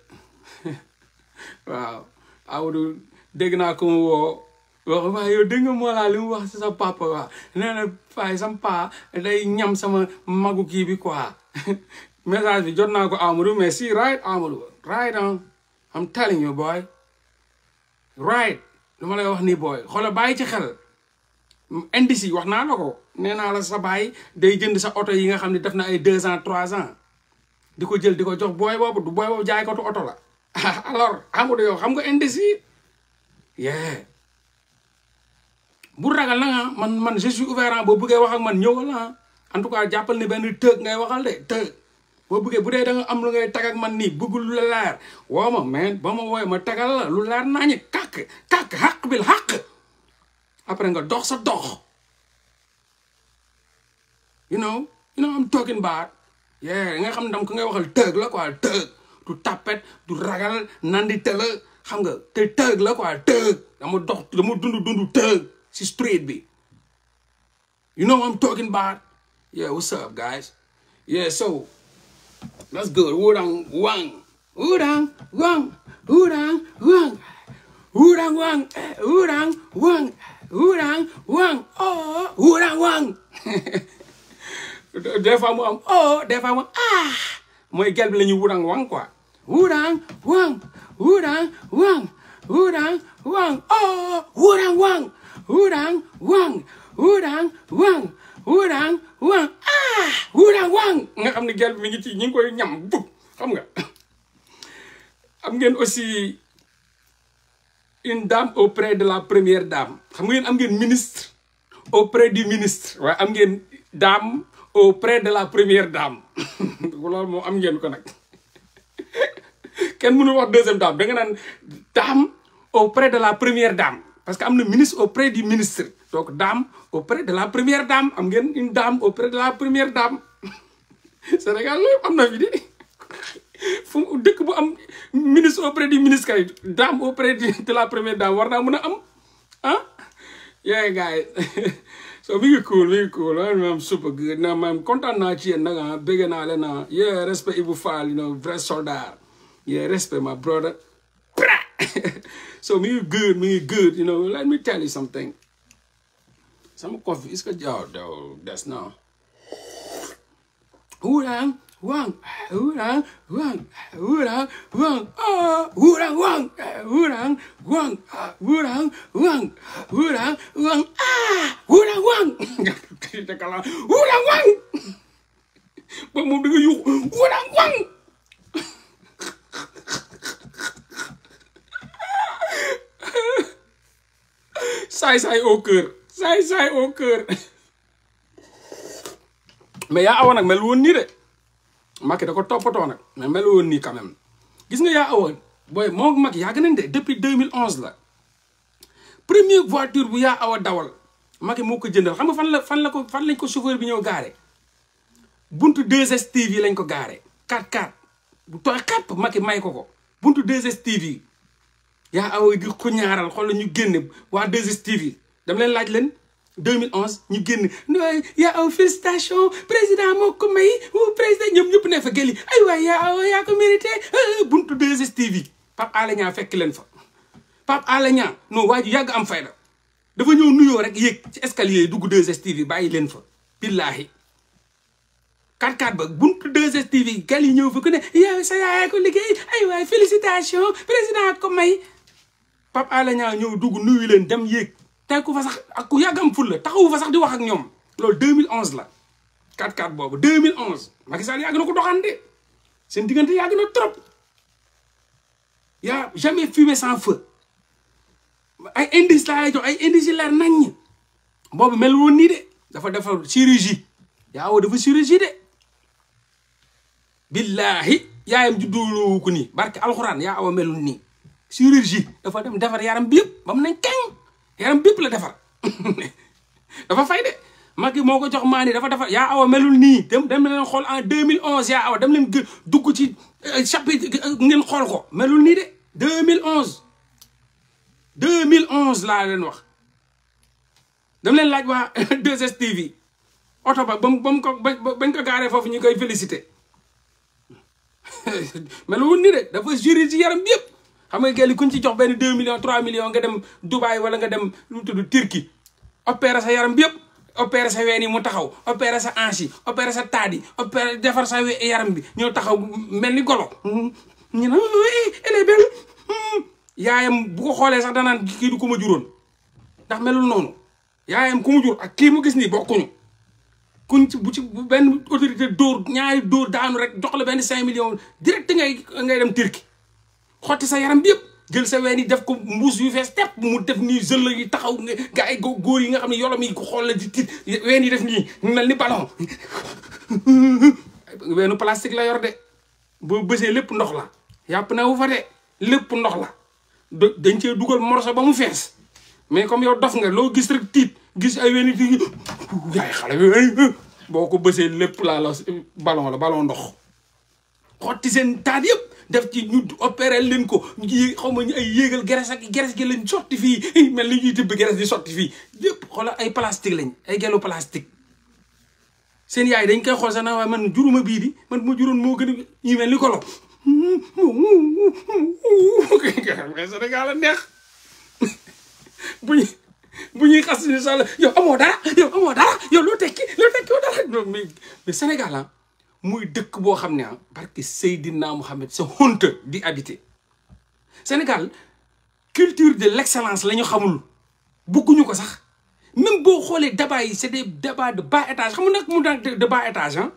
(laughs) waaw Amadou dégg naa ko mu woo wax waaye yow dégg nga li mu wax si sa papa waaw nee na waaye sam pa day ñam sama magu kii bi quoi (laughs) message bi jot naa ko Amadou mais si right Amadou right am telling you boy right lu ma lay wax nii booy xoola bàyyi ci xel indice yi wax naa la ko nee naa la sa baay day jënd sa oto yi nga xam ne daf na ay deux ans trois ans di ko jël di ko jox booy boobu du booy boobu jaay ko tu oto la (laughs) alors amul yoo xam nga indice yi bu ragal na ah, man man je suis ouvert ah. boo bëggee wax ak man ñëwal ah en tout cas jàppal ni benn tëg ngay waxal de boo bëggee bu dee da nga am lu ngay tag ak man nii bëggul lu la leer man ba ma ma tagal la lu leer naa ñi kàkk kàkk bil xàq après nga dox sa dox you know you know I'm talking about yeah nga xam ndam ku ngay waxal tëg la quoi tëg du tapet du ragal nandi tëla xam nga te tëg la quoi tëg dama dox dama dund dund tëg si street bi you know I'm talking about yeah what's up guys yeah so that's good. Wudang wang. Wudang wang. Wudang wang. Wudang wang. Wudang wang. Wudang wang. Oh, wudang wang. Defa mo, am oh defa mo. ah mooy gel bi la ñuy wudang wang quoi. Wudang wang. Wudang wang. Wudang wang. Oh, wudang wang. Wudang wang. Wudang wang. wurang wang ah wurang wang nga xamni ne gel mi ngi ci ñing koy ñam bu xam nga am ngeen aussi une dame auprès de la première dame xam ngeen am ngeen ministre auprès (laughs) du ministre wa am ngeen dame auprès de la première dame loolu mo am ngeen ko nak ken mënu wax deuxième dame da nga nan dame auprès de la première dame parce que amna ministre auprès du ministre donc dame auprès de la première dame am ngeen une dame auprès de la première dame (laughs) Sénégal loolu am na fi di (laughs) fu dëkk bu am ministre auprès du ministre kay dame auprès de la première dame war naa mën a am ah yooyu (laughs) so mi ngi cool mi ngi cool maam super good na maam kontaan naa ci yéen nag ah bëgg naa leen ah yeah respect Ibou Fall you know vrai soldat yeah respect my brother so mi good mi good you know let me tell you something Some coffee is good, though. That's now. Hurang, wang, hurang, wang, hurang, wang, ah, hurang, wang, hurang, wang, hurang, wang, hurang, wang, ah, hurang, wang. Kalau hurang, wang. Bangun ah, dengan yuk, hurang, wang. Sai-sai (laughs) (laughs) oker. saay saay au cœur (laughs) mais yaa awoon nag mel woon nii de Macky da ko toppatoo nag mais mel woon nii quand même gis nga yaa awoon booy moo Macky yaa gën de depuis 2011 la première voiture bu yaa awa dawal Macky moo ko jëndal xam nga fan la fan la ko fan lañ ko chauffeur bi ñëw gaare buntu 2STV lañ ko gaare 4-4 bu tooy xapp Macky may ko ko buntu 2STV yaa awa gi ko ñaaral xool na ñu génne waa 2STV dama leen laaj leen 2011 ñu génn nooy yaa aw félicitation président moo ko may président ñoom ñëpp ne fa gëli ay waay yaa aw yaa ko mérité euh, buntu 2STV yi Pape fekk leen fa Pape Alé Niang non yàgg am fay fayda dafa ñëw nuyoo rek yéeg ci escalier yi dugg 2STV yi bàyyi leen fa billaahi katkat ba buntu 2STV yi yi ñëw fa ku ne yow sa yaay liggéey ay félicitation président ko may Pape Alé ñëw dugg nuyu leen dem yéeg teeku fa sax ak ku yàggam ful la taxawu fa sax di wax ak ñoom loolu 2011 la 4-4 boobu 2011 Macky Sall yàgg na ko doxante seen diggante yàgg na trop y a jamais fumée sans feu ay indices laa lay jox ay indices leer naññ boobu mel woon nii de dafa defar chirurgie yaaw dafa chirurgie de billaahi yaayam juddooloowu ko nii barke alxuraan yaa awa melul nii chirurgie dafa dem defar yaram bi yëpp ba mu nañ kañ yaram bépp la defar (laughs) dafa fay de Macky moo ko jox maani dafa defar yaa awa melul nii dem dem leen xool en 2011 yaa awa dem leen dugg ci euh, chapitre euh, ngeen xool melul nii de 2011 2011 laa leen wax dem leen laaj waa 2STV (laughs) oto ba ba mu ko bañ ko gaaree foofu ñu koy félicité (laughs) melul nii de dafa juré ci yaram bi xam nga gel yi kuñ ci jox benn 2 millions 3 millions nga dem Dubaay wala nga dem lu mu tudd Turquie opéré sa yaram bi yëpp opéré sa ween mu taxaw opéré sa hanche yi sa taat yi opéré defar sa yaram bi ñoo taxaw mel ni golo. ñu ne elle est belle yaayam bu xoolee sax danaan kii du ku ma juróon ndax melul noonu yaayam ku mu jur ak kii mu gis nii bokkuñu kuñ ci bu ci benn autorité dóor ñaari dóor daanu rek jox la benn cinq millions direct ngay ngay dem Turquie. xotti sa yaram bi yëpp jël sa ween yi def ko mbuus yu fees tepp mu def nii la yi taxaw nga ay góor yi nga xam ne yolom yi xool la di tiit ween yi def nii mel ni ballon (laughs) weenu plastique la yor de boo bësee lépp ndox la yàpp na wu fa lépp ndox la dañ cee dugal morso ba mu fees mais comme yow dof nga loo gis rek tiit gis ay ween yi (laughs) yaay boo ko bësee lépp laa la ballon la ballon ndox xotti seen taat yëpp def ci ñu opéré leen ko yi xaw ma ñu ay yéegal geres ak geres gi lañ sotti fii mel li ñuy tibb geres di sotti fii yëpp xoolal ay plastique lañ ay gelu plastique seen yaay dañ koy xool sax naa waaye man juruma bii di man bu ma juróon moo gën a ñu mel ni kolo Sénégal a neex bu ñu bu ñuy xas ni sax la yow amoo dara yow amoo dara yow loo tekki loo tekki yow dara mais Sénégal ah muy dëkk bo xamné ne ah barke Seydina Mohamed c'est honte di habiter Sénégal culture de l'excellence lañu xamul bëgguñu ko sax même bo xolé débat yi c'est des débats de bas étage xamou nak mu naan de bas étage hein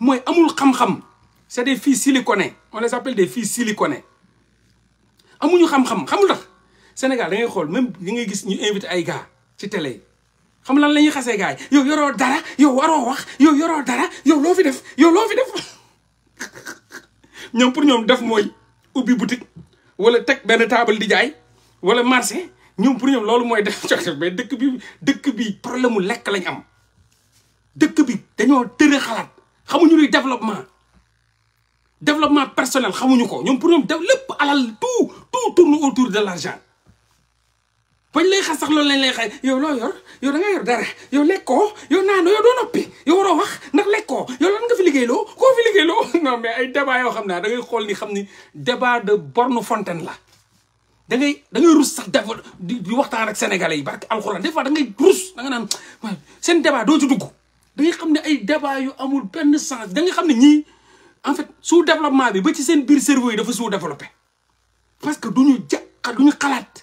moy amul xam-xam c'est des filles siliconées on les appelle des filles siliconées amuñu xam-xam xamul tax Sénégal da ngay xol même da ngay gis ñu inviter ay gars ci télé xam lan la ñuy xasee gars yi yow yoroo dara yow waroo wax yow yoroo dara yow loo fi def yow loo fi def ñoom pour ñoom def mooy ubbi wala teg benn taabal di jaay wala marché ñoom pour ñoom loolu mooy def cox (laughs) mais dëkk bi dëkk bi problème mu lekk lañ am dëkk bi dañoo tëre xalaat xamuñu luy développement développement personnel xamuñu ko ñoom pour ñoom def lépp alal tout tout tourne autour de l'argent bañ lay xas sax loolu lañ lay xay yow loo yor yow da nga yor dara yow lekkoo yow naanoo yow doo noppi yow waroo wax ndax lekkoo yow lan nga fi koo fi liggéeyloo (laughs) non mais ay débat yoo xam ne da ngay xool ni xam ni débat de borne fontaine da ngay da ngay rus sax def di waxtaan ak sénégalais yi barke alxuraan des fois da ngay rus da nga naan seen débat doo ci dugg da xam ne ay débat yu amul benn sens da xam ne ñii en fait su developpement bi ba ci seen biir cerveau yi dafa sous développé parce que du ñu duñu du ñu xalaat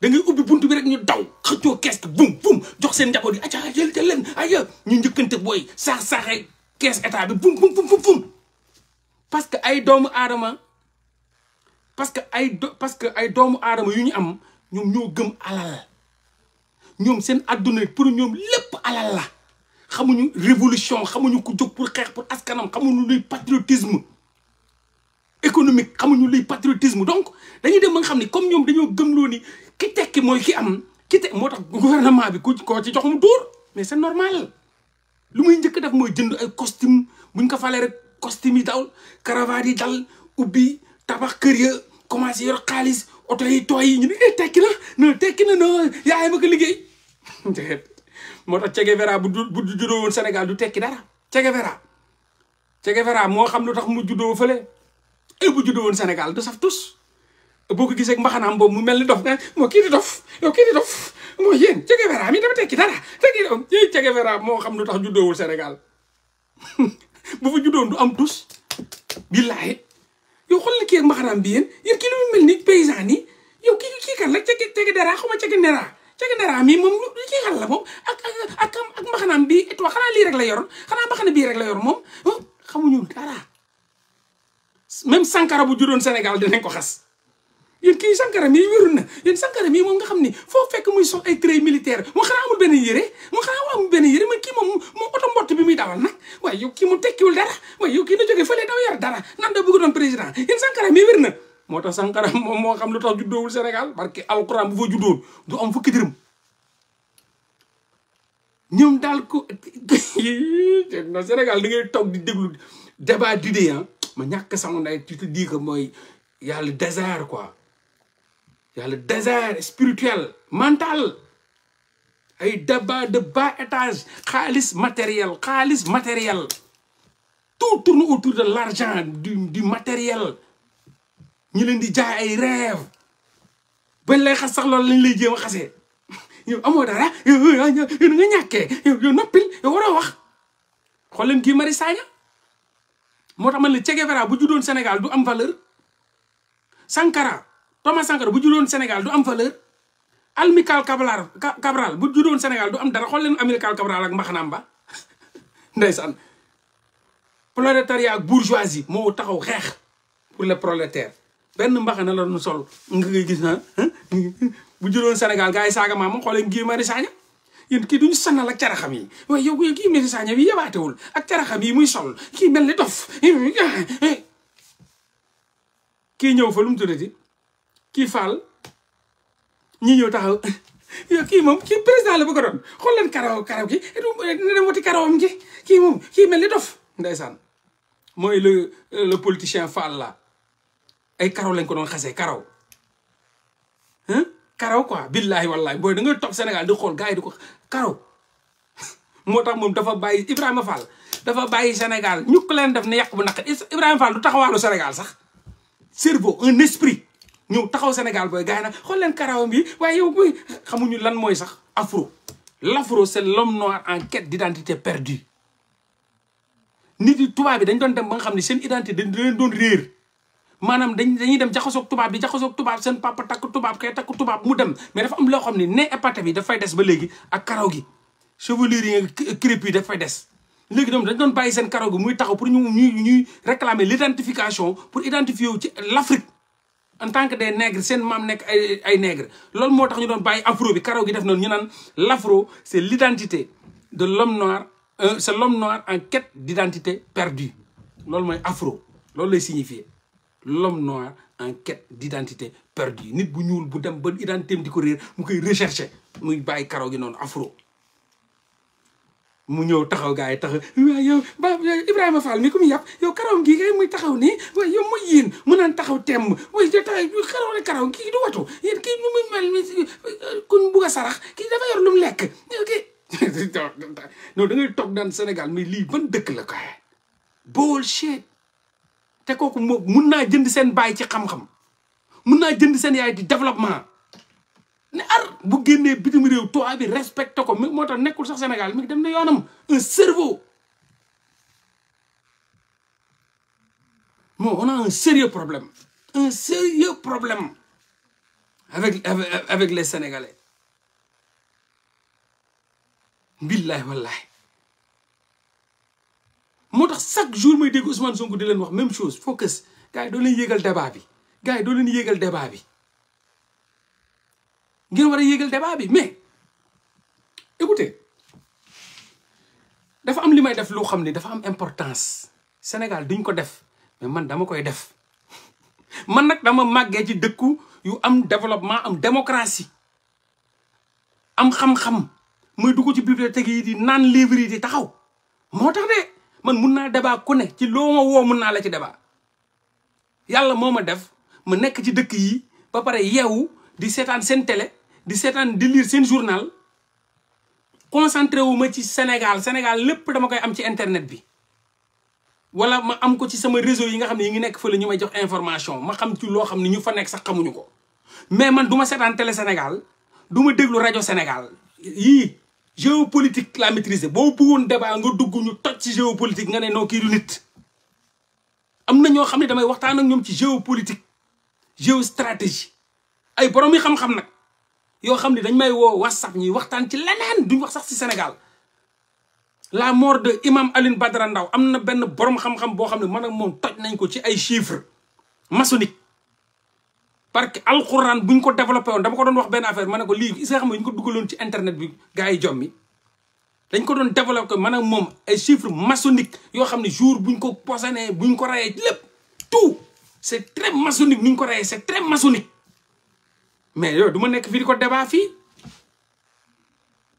da ngay buntu bi rek ñu daw boum jox seen jël ñu parce que ay doomu parce que ay parce que ay doomu alal ñoom seen pour ñoom alal révolution xamuñu ku pour pour askanam xamuñu patriotisme économique xamuñu luy patriotisme donc dañuy dem nga comme ñoom dañoo ki tekki mooy ki am ki te moo tax gouvernement bi ku ko ci jox mu dóor mais c'est normal lu muy njëkk def mooy jënd ay costume buñ ko falee rek costume yi daw cravate yi dal ubbi tabax kër ya commencé yor xaalis oto yi tooy yi ñu ne eh, tekki na no tekki na no yaay ma ko liggéey (laughs) moo tax Che Guevara bu bu juddoo woon Sénégal du tekki dara Che Guevara Che Guevara moo xam lu tax mu juddoo fële et eh, bu juddoo woon Sénégal du saf tus boo ko gisee ak mbaxanaam boobu mu mel ni dof nga moo kii dof moo yéen Che Guevara mi dafa tekki dara tekki yéen Che Guevara moo xam lu tax juddoowul Sénégal (laughs) bu fa juddoon du am tus billaahi yow xool na kii mbaxanaam bi yéen yéen kii lii rek la yoroon xanaa mbaxana bii rek la yor moom oh, xamuñu dara même Sankara bu juddoon Sénégal dinañ ko xas. yeen ki Sankara mii wiru na yeen Sankara mii mom nga xamni fo fekk muy sox ay trait militaire mo xana amul benn yere mo xana amul benn yere man ki mom mo auto mbott bi muy dawal nak way yu ki mu tekkiwul dara way yu ki na joge fele daw yar dara nan da bëggu don président yeen Sankara mii wiru na moo tax Sankara mom mo xam lu tax juddoowul Sénégal parce alcorane bu fa juddoon du am fukki dirum ñoom dal ko (laughs) non Sénégal da ngay tok di déglu débat hein ah. ma ñak sama nday tu te dis que moy yalla désert quoi y a le désert spirituel mental ay débat de bas étage xaalis matériel xaalis matériel tout tourne autour de l'argent du matériel ñu leen di jaay ay rêve bañ lay xas sax loolu lañ lay jéem a xasee yow amoo dara yow nga ñàkkee yow noppil yow waroo wax xool leen kii Mari Sagna moo tax man la Che Guevara bu juddoon Sénégal du am valeur Sankara Thomas Sankara bu juddoon Sénégal du am valeur Amical Cabral Cabral bu juddoon Sénégal du am dara xool leen Amical Cabral ak mbaxanaam ba (laughs) ndeysaan prolétariat ak bourgeoisie moo taxaw xeex pour les prolétaires benn mbaxana la nu sol nga koy gis na (laughs) bu juddoon Sénégal gars yi saaga maam xoolee Guy Marius Sagna yéen kii duñu sannal ak caraxam yi waaye yow Guy Marius Sagna bi yabaatewul ak caraxam yi muy sol kii mel ni dof (laughs) kii ñëw fa lu mu tuddati kii Fall ñi ñëw taxaw yow kii moom kii président la bëgg a doon xool leen karaw karaw mel ni dof ndeysaan mooy le le politicien la ay lañ ko doon xasee karaw karaw quoi booy da nga topp Sénégal di xool gars yi di ko karaw (laughs) moo tax moom dafa bàyyi Ibrahima Fall dafa bàyyi Sénégal ñu ko leen def ne yàq bu naq Ibrahima Fall du taxawaalu Sénégal sax cerveau un esprit ñëw taxaw Sénégal boy gayna xol len karawam bi way yow muy xamuñu lan moy sax afro l'afro c'est l'homme noir en quête d'identité perdue nit yi tubaab bi dañ doon dem ba nga xamni ne seen identité dañ leen doon reer manam dañ dañuy dem ak tubaab bi ak tubaab seen papa tak tubaab kay tak tubaab mu dem mais dafa am lo xamni né ne épaté bi da fay dess ba légui ak karaw gi chevelure yi crépus yi dafay des léegi ñoom dañ doon bàyyi seen karaw gi muy taxaw pour ñu ñuy réclamer l'identification pour identifier ci l'Afrique en tant que des nègres c'est maam nekk ay ay nègre loolu motax ñu doon baye afro bi karaw gi def non ñu nan l'afro afro l'identité de l'homme noir euh, c'est l'homme noir en quête d'identité perdue loolu moy afro loolu lay signifier l'homme noir en quête d'identité perdue nit bu ñuul bu dem ba identité di ko réer mu koy rechercher muy baye karaw gi non afro mu ñëw taxaw gars yi taxaw waaw yow ba Ibrahima Fall mi ku mu yàpp yow karawam gii kay muy taxaw nii waaye yow muy yéen mu naan taxaw temm waaye yow taxaw karaw na karaw kii du watu yéen kii mu mel ni kun bugg dafa yor lu mu lekk kii (laughs) non da ngay toog daan Sénégal mais lii ban dëkk la kaay bullshit te kooku moom mun naa jënd seen baay ci xam-xam mun naa jënd seen yaay di développement ne ar bu génnee bitim réew tubaab bi respecté ko mi moo tax sax Sénégal mi dem na yoonam un cerveau moo on a un sérieux problème un sérieux problème avec avec les Sénégalais billahi wallahi moo chaque jour may dégg Ousmane Sonko di leen wax même chose focus gars yi doo leen yéegal débat bi gars yi doo leen yéegal débat bi ngeen war a yéegal débat bi mais écoutez dafa am li may def loo xam ne dafa am importance Sénégal duñ ko def mais man dama koy def (laughs) man nag dama màggee ci dëkku yu am développement am démocratie am xam-xam mooy dugg ci bibliothèque yi di naan livre yi di taxaw moo tax de man mun naa débat ku ne ci loo ma woo mun naa la ci débat yàlla moo ma def ma nekk ci dëkk yi ba pare yeewu di seetaan seen télé di seetaan di lire seen journal concentré wu ma ci Sénégal Sénégal lépp dama koy am ci internet bi wala ma am ko ci sama réseau yi nga xam ne yi ngi nekk fële ñu may jox information ma xam ci loo xam ne ñu fa nekk sax xamuñu ko mais man du ma seetaan télé Sénégal du ma déglu rajo Sénégal yii géopolitique la maîtriser boo bëggoon débat nga dugg ñu toj ci géopolitique nga ne noo kii lu nit am na ñoo xam ne damay waxtaan ak ñoom ci géopolitique géostratégie ay borom yi xam-xam nag yoo xam ne dañ may woo whatsapp ñuy waxtaan ci leneen duñ wax sax ci Sénégal la mort de imam Alioune Badara ndaw am na benn borom xam-xam boo xam ne man ak moom toj nañ ko ci ay chiffres maçonnique parce que alxuraan bu ñu ko développé woon dama ko doon wax benn affaire ma ne ko lii is nga xam ne ñu ko duggaloon ci internet bi gars yi jommi dañ ko doon développé man ak moom ay chiffres maçonnique yoo xam ne jour bu ñu ko posané buñ ko rayee lépp tout c' est très maçonnique ñu ko rayee c' est mais yooyu du ma nekk fii di ko débat fii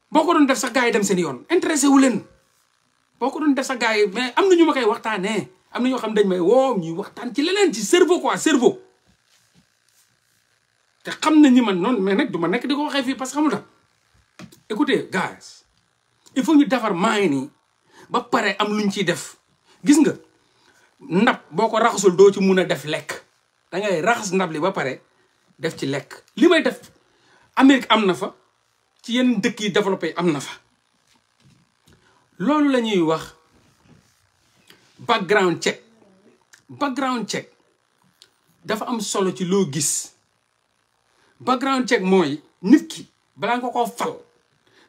boo ko doon def sa gars yi dem seen yoon intéressé wu leen boo ko doon def sa gars yi mais am na ñu ma koy waxtaanee am na ñoo xam dañ may woo ñuy waxtaan ci leneen ci cerveau quoi cerveau. te xam na ñi man noonu mais nag du ma nekk di ko waxee fii parce que xamul tax écoutez gars il faut ñu defar maa ngi nii ba pare am lu luñ ciy def gis nga ndab boo ko raxasul doo ci mun a def lekk da raxas ndab li ba pare. def ci lekk li may def Amérique am na fa ci yenn dëkk yi développé am na fa loolu la ñuy wax background check background check dafa am solo ci loo gis background check mooy nit ki balaa nga koo fal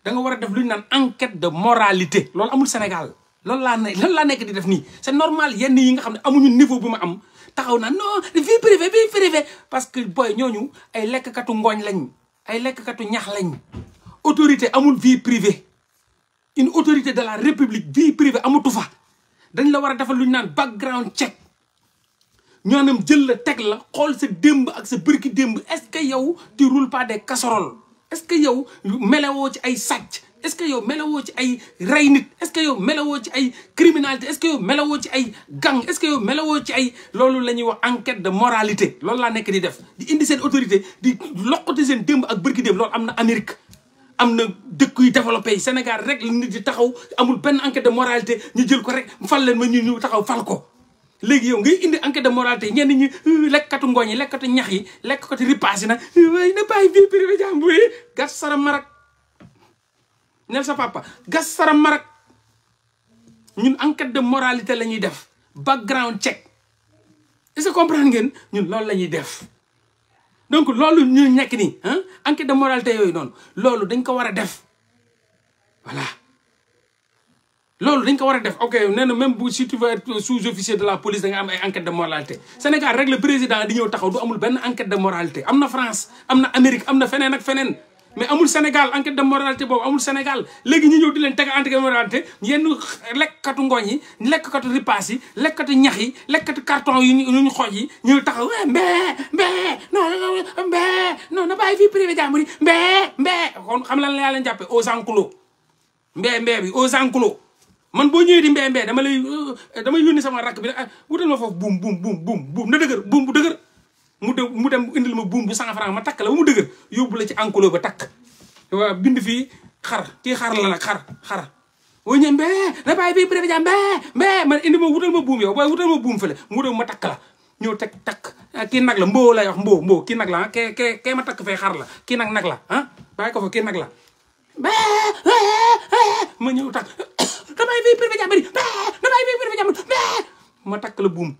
da war a def lu ñu naan enquête de moralité loolu amul senegal loolu laa ne loolu laa nekk di def nii c'est normal yenn yi nga xam ne amuñu niveau bu ma am taxaw na non vie privée vie privée parce que booy ñooñu ay lekkkatu ngooñ lañ ay lekkkatu ñax lañ autorité amul vie privée une autorité de la république vie privée amatu fa dañ la war a defal lu ñu naan background check ñoonam jël la teg la xool sa démb ak sa bërki démb est-ce que yow tu roules pas des casseroles est-ce que yow melewoo ci ay sàcc est que yow melawoo ci ay rey nit que yow melawoo ci ay criminalité est-ce que yow melawoo ci ay gang est-ce que yow melawoo ci ay loolu la ñuy wax enquête de moralité loolu laa nekk di def di indi seen autorité di loqati seen démb ak bërki démb loolu am na Amérique am na dëkk yu développé yi Sénégal rek la nit di taxaw amul benn enquête de moralité ñu jël ko rek fal leen ma ñu ñu taxaw fal ko léegi yow ngi indi enquête de moralité ñeen ñi euh, lekkatu ngooñ yi lekkatu ñax yi lekk ripaas yi nag euh, na bàyyi vie privée neel sa papa gas saram marak ñun enquet de moralité la ñuy def background check est-ce que ngeen ñun loolu la ñuy def donc loolu ñu ñekk nii ah enquête de moralité yooyu noonu loolu dañ ko war a def voilà loolu dañ ko war a def ok nee na même bu si tu veux être sous-officier de la police da am ay de moralité Sénégal rek le président di ñëw taxaw du amul benn enquête de moralité am na France am na Amérique am na feneen ak feneen mais amul Sénégal enquête de moralité boobu amul Sénégal léegi ñu ñëw di leen teg enquête de moralité yenn lekkatu ngooñ yi lekkatu ripaas yi lekkatu ñax yi lekkatu carton yu ñu xooj yi ñu taxaw eh, mbee mbee non mbee non na bàyyi fii privé jàmbur yi mbee mbee kon xam lan la yaa leen jàppe aux enclos mbee mbee bi aux enclos man boo ñëwee di mbee mbee dama lay euh, dama yónni sama rakk bi ah, wutal ma foofu buum buum buum buum buum na dëgër buum bu dëgër mu mu dem indil ma buum bu cent franc ma takk la wa mu dëgër yóbbu la ci enclos ba takk waaw bind fii xar kii xar la nag xar xar woo ñe mbee na bàyyi bii préfet jaa mbee mbee man indi ma wutal ma buum yow waaye wutal ma buum fële mu dem ma takk la ñëw teg takk ah, kii nag la mboo lay wax mboo mboo kii nag la ah ke ma takk fee xar la kii nag nag la ah bàyyi ko fa kii nag la ma ñëw takk (coughs) na bàyyi bii mbee ma takk la buum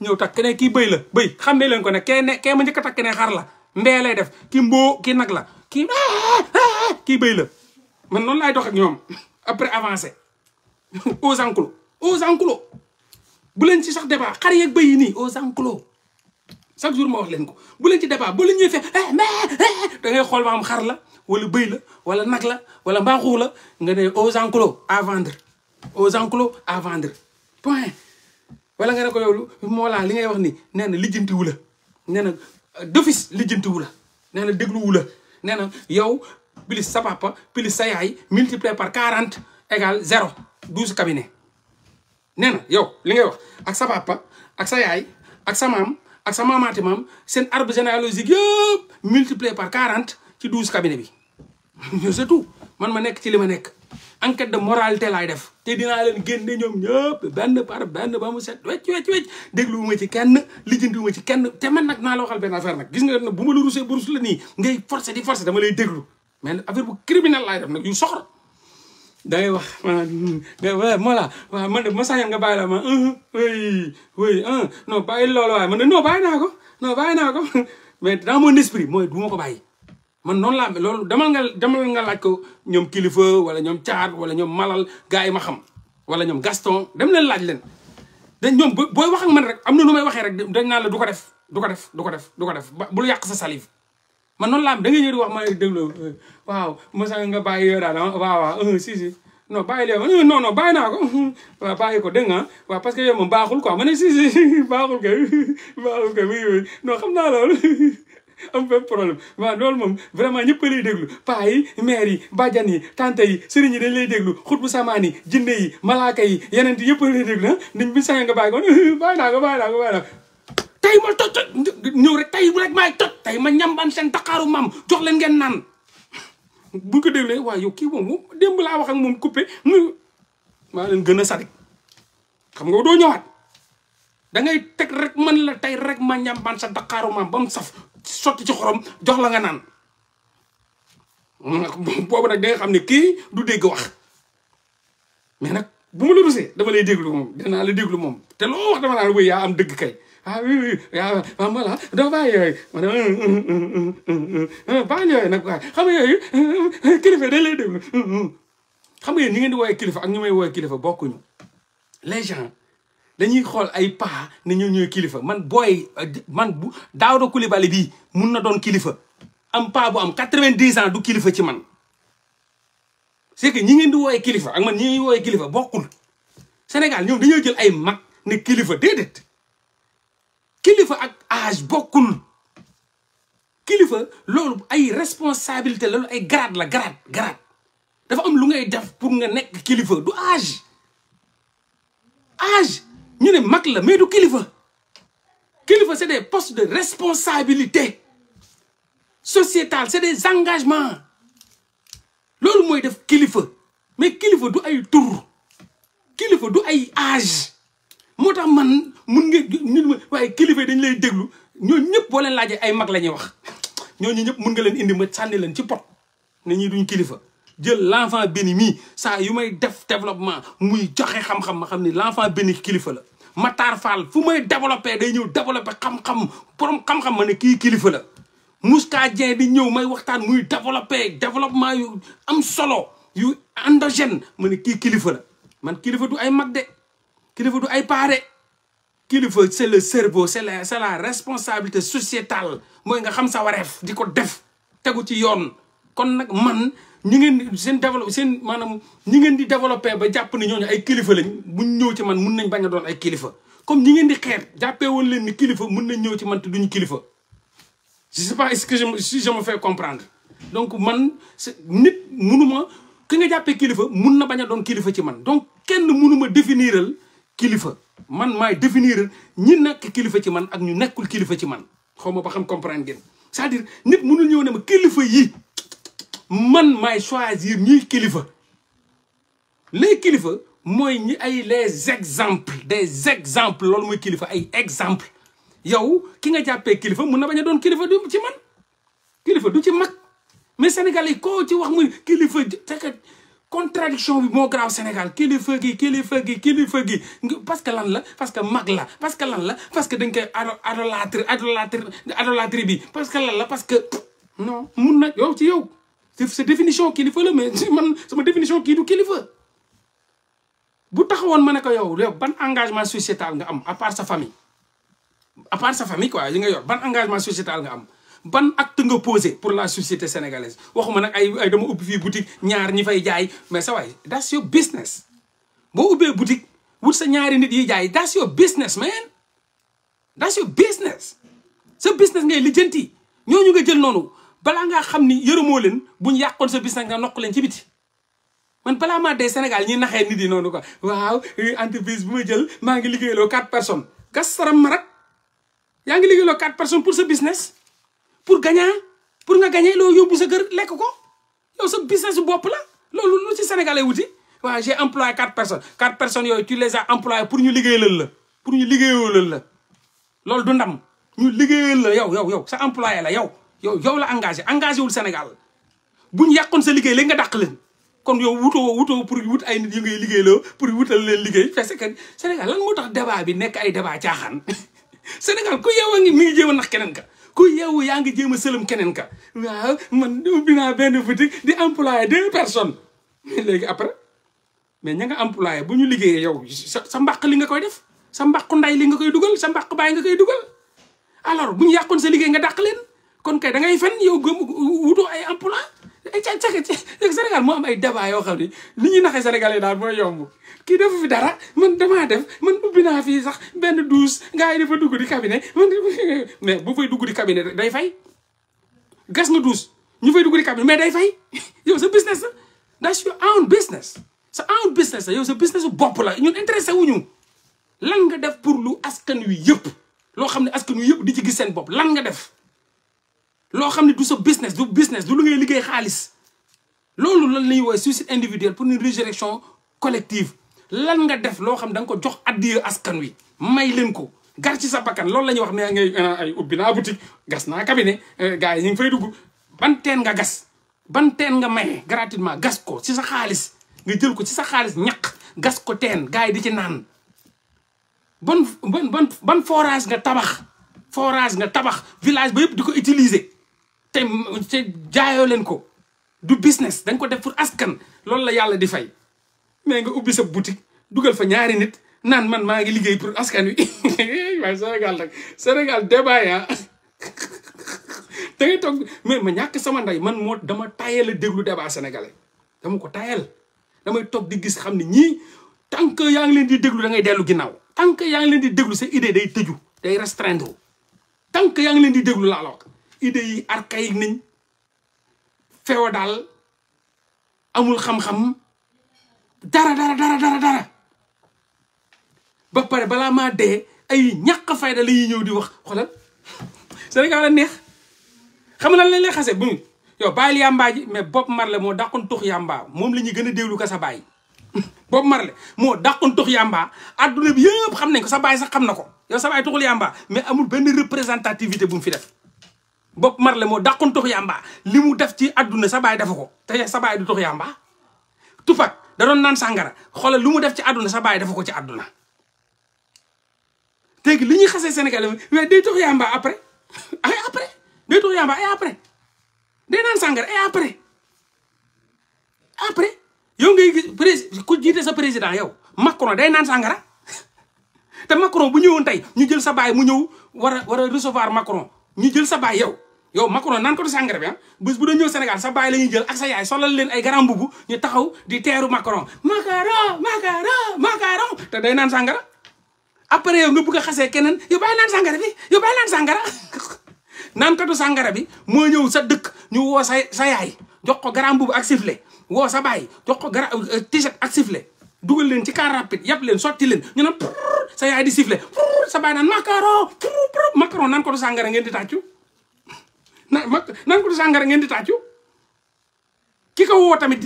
ñëw takk ne kii bëy la bëy xam ne leen ko kee ne kee ma njëkk a takk ne xar la ndee lay def ki mboo ki nag la kii ah, ah, ah, kii bëy la man noonu laay dox ak ñoom après avancé aux enclos aux enclos bu leen ci sax débat xar yeeg bëy yi nii aux enclos chaque jour ma wax leen ko bu leen ci débat bu leen ñuy fe eh, eh, da ngay xool ma xar la wala bëy la wala nag la wala mbaaxu la nga ne aux enclos à vendre aux enclos à vendre wala nga ne ko yow moo laa li ngay wax ni nee na lijjanti wu la nee na euh, d'office lijjanti wu nee na déglu nee na yow plus sa papa plus sa yaay multiplié par 40 égal zéro douze cabinet nee na yow li ngay wax ak sa papa ak sa yaay ak sa maam ak sa maamaati maam seen arbre généalogique yëpp multiplié par 40 ci douze cabinet bi c'est (laughs) man ma nekk ci li ma nekk enquête de moralité laay def te dinaa leen génne ñoom ñëpp benn par benn ba mu set wecc wecc wecc dégluwuma ci kenn lijjantiwuma ci kenn te man nag naa la waxal benn affaire nag gis nga nag bu ma la rusee ba rus la nii ngay forcé di forcé dama lay déglu mais affaire bu criminel laay def nag yu soxor da ngay wax voilà waaw man de ma sañoon nga bàyyi la ma oui oui non bàyyi loolu waaye man de non bàyyi naa ko non bàyyi naa ko (laughs) mais dans mon esprit mooy du ma ko bàyyi man noonu laa loolu demal nga demal nga laaj ko ñoom kilifa wala ñoom caar wala ñoom malal gars yi ma xam wala ñoom gaston dem leen laaj leen dañ ñoom booy wax ak man rek am na nu may waxee rek dañ naan la du ko def du ko def du ko def du ko def bul yàq sa salive man noonu laa am da nga ñëw di wax ma déglu waaw mosa nga bàyyi yoo daal ah, waaw waaw ah, si si non bàyyi lee ah, non non bàyyi naa ko waaw bàyyi ko dégg nga waaw parce que yow moom baaxul quoi ma ne si si (laughs) baaxul kay (laughs) baaxul kay non xam naa loolu (laughs) am benn problème waaw loolu moom vraiment ñëpp lay déglu paa yi maire yi bàjjan yi tante yi sëriñ yi dañ lay déglu xutbu samaan yi jinne yi malaaka yi yeneen yi yëpp lay déglu ah nit bi sañ nga bàyyi ko (laughs) bàyyi naa tey ma toj toj ñëw rek tey rek tey ma ñambaan seen taqaaru maam jox leen ngeen naan bu ko déglee waaw yow kii moom démb laa wax ak moom coupé mu maa leen gën a sadik xam nga doo ñëwaat da ngay teg rek man la tey rek ma ñambaan sa taqaaru maam ba saf sotti ci xorom jox la nga naan boobu nag da nga xam kii du dégg wax mais nag bu ma la rusee dama lay déglu moom dinaa la déglu moom te loo naan wéy yaa am dëgg kay ah oui oui yaa am ah, voilà doo bàyyi yooyu ma ne ah, bàyyi yooyu nag waaye xam nga lay déglu nga yéen ngeen di kilifa ak ñu may woowee kilifa bokkuñu dañuy xool ay paa ne ñoo ñooy kilifa man booy man bu Daouda Coulibaly bii mun na doon kilifa am paa bu am quatre-vingt-dix ans du kilifa ci man c'est que ñi ngeen di wooye kilifa ak man ñi ngeen wooye kilifa bokkul Sénégal ñoom dañoo jël ay mag ne kilifa déedéet kilifa ak âge bokkul kilifa loolu ay responsabilité la ay grade la grade grade dafa am lu ngay def pour nga nekk kilifa du âge âge ñu ne mak la mais du kilifa kilifa c'est des postes de responsabilité sociétale c'est des engagements loolu mooy def kilifa mais kilifa du ay tour. kilifa du ay âge moo tax man mun nga waaye kilifa dañ lay déglu ñoo ñëpp boo leen laajee ay mak la ñuy wax ñooñu ñëpp mun nga leen indi ma sànni leen ci pot ne ñii duñ kilifa jël l'enfant béni mii saa yu may def développement muy joxe xam-xam ma xam l'enfant béni kilifa la Matar Fall fu may développé day ñëw développé xam-xam borom xam-xam ma ne kii kilifa la Mouska Dieng di ñëw may waxtaan muy développé développement yu am solo yu endogène ma ne kii kilifa la man kilifa du ay mag de kilifa du ay paare kilifa c'est le serveau c'est la c'est la responsabilité sociétale mooy nga xam sa di ko def tegu ci yoon kon nag man ñi ngeen seen développe seen maanaam ñi ngeen di développé ba jàpp ne ñooñu ay lañ buñ ñëw ci man mun nañ bañ a doon ay kilifa comme ñi ngeen di xeet jàppee woon leen ni kilifa mun nañ ñëw ci man te duñu kilifa je sais pas que je si je me donc man nit munuma ki jàppee kilifa mun na bañ a doon kilifa ci man donc kenn munuma définiral kilifa man maay définir ñi nekk kilifa ci man ak ñu nekkul kilifa ci man xaw ma ba xam comprendre ngeen c'est-à-dire nit mënul ñëw ne ma kilifa yi man may choisir ni kilifa les kilifa moy ñi ay les exemples des exemples loolu moy kilifa ay exemple yow ki nga jappé kilifa mun na baña don kilifa du ci man kilifa du ci mak mais Sénégal ko ci wax muy kilifa te contradiction bi mo grave Sénégal kilifa gi kilifa gi kilifa gi parce que lan la parce que mag la parce que lan la parce que dañ koy adolâtre adolâtre adolâtre bi parce que lan la parce que non mun na yow ci yow sa définition kilifa la mais (laughs) man sama définition kii du kilifa bu taxawoon ma ne ko yow yow ban engagement societal nga am à part sa famille à part sa famille quoi yi nga yor ban engagement sociétal nga am ban acte nga posé pour la société sénégalaise waxuma nag ay ay dama ubbi fii boutique ñaar ñi fay jaay mais sa waay that's your business boo ubbee boutique wut sa ñaari nit yi jaay that's your business man that's your business sa business ngay lijjanti ñooñu nga jël noonu balaa ngaa xam ni yërëmoo leen bu ñu yàqoon sa bis nag nga nokk leen ci biti man balaa maa dee Sénégal ñi naxee nit yi noonu ko waaw eh, entreprise bu ma jël maa ngi liggéeyaloo quatre personnes gas saram ma rek yaa ngi liggéeyaloo quatre personnes pour sa business pour gagner pour nga gagner loo yóbbu sa gër lekk ko yow sa business bopp la loolu lu ci sénégalais wuti waaw j'ai employé quatre personnes quatre personnes yooyu tu les as employées pour ñu liggéeyal la pour ñu liggéeyoo la loolu du ndam ñu liggéeyal la yow yow yow sa employé la yow yow yow la engagé engagé wul Sénégal buñ yàqoon sa liggéey léegi nga dàq leen kon yow wutoo wutoo pour wut ay nit liggéey ngay liggéeyloo pour wutal leen liggéey parce que Sénégal lan moo tax débat bi nekk ay débat caaxaan (laughs) Sénégal ku yeewoo ngi mi ngi jéem a nax keneen ka ku yeewu yaa ngi jéem a sëlëm keneen ka waaw man ubbi naa benn boutique di employé deux personnes (laughs) léegi après mais ña bu ñu liggéeyee yow sa sa mbaq li nga koy def sa mbaqu nday li nga koy dugal sa mbaq baay nga koy dugal alors bu ñu yàqoon sa liggéey nga dàq leen kon kay da ngay fan yow gëm wuto ay emploi ca ca ca Sénégal mo am ay débat yo xamni eh, ah. eh, kan, eh, ni ñi naxé naxee Sénégal yi daal moy yomb ki def fi dara man dama def man ubbi naa ah. sax ben douze gaay dafa dugg di cabinet man mais (laughs) bu fay dugg di cabinet day fay gas nga douze ñu fay dugg di cabinet mais day fay (laughs) yow sa business la that's your own business sa own business yow sa business bop la ñun intéressé wuñu lan nga def pour lu askan wi yépp lo xamni askan wi yépp di ci gis sen bop lan nga def loo xam ne du sa business du business du lu ngay liggéey xaalis loolu lan la ñuy woowee suicide individuel pour une résurrection collective lan nga def loo xam da nga ko jox addiya askan wi may leen ko gar ci sa bakkan loolu la ñuy wax ne ngay eh, ay ubbi naa boutique gas naa cabinet eh, gars yi ñu ngi fay dugg ban teen nga gas ban teen nga may gratuitement gas ko ci sa xaalis nga jël ko ci sa xaalis ñaq gas ko teen gars yi di ci naan ban ban ban forage nga tabax forage nga tabax village ba yëpp di ko utiliser te te jaayoo leen ko du business da ko def pour askan loolu la yàlla di fay mais nga ubbi sa boutique dugal fa ñaari nit naan man ma ngi liggéey pour askan wi (laughs) waaye Sénégal nag Sénégal débat ya (laughs) da ngay toog mais ma ñàkk sama ndey man moo dama tayal deglu déglu débat sénégalais dama ko tayal damay toog di gis xam ne ñii tant que yaa ngi leen di déglu da ngay dellu ginnaaw tant que yaa ngi leen di déglu sa idée day teju day restreindre tant que leen di déglu la wax idées yi archaïque nañ daal amul xam-xam dara dara dara dara ba pare balaa maa dee ay ñàkk fayda la ñuy ñëw di wax xoolal Sénégal la neex xam lan lañ lay xase bu ñu yow bàyyil yàmbaa ji mais Bob moo dàqoon tux yàmbaa moom la ñuy gën a déglu ko sa baay (laughs) Bob Marley moo dàqoon tux yàmbaa adduna bi yëpp xam nañ ko sa baay sax xam na ko yow sa baay tuxul yàmbaa mais amul benn représentativité bu mu fi def Bob Marley moo dàqoon tux yàmba li mu def ci àdduna sa baay dafa ko te sa baay du tux yàmba Tupac da doon naan sangara xoolal lu mu def ci àdduna sa baay dafa ko ci àdduna léegi li ñuy xasee Sénégal mais day tux yàmba après ay après day tux yàmba ay après day naan sàngara ay après après yow ngay gis prési ku jiite sa président yow Macron day naan sàngara (laughs) te Macron bu ñëwoon tey ñu jël sa baay mu ñëw war a war a recevoir Macron ñu jël sa baay yow yow Macron naan ko du sàngara bi ah bu ñëw Sénégal sa baay la ñuy jël ak sa yaay solal leen ay ñu taxaw di teeru Macron Macron Macron te day naan sàngara après yow xasee keneen yow bàyyi naan sàngara bi yow bàyyi (laughs) sàngara bi moo ñëw sa dëkk ñu woo sa sa jox ko garam bubu woo sa baay jox ko gara euh, t-shirt ak leen ci car rapide yàpp leen sotti leen ñu naan sa yaay di sifflet sa baay naan Macron Macron ngeen di tàccu na nan ko sangara ngendi di tàccu ki ko tamit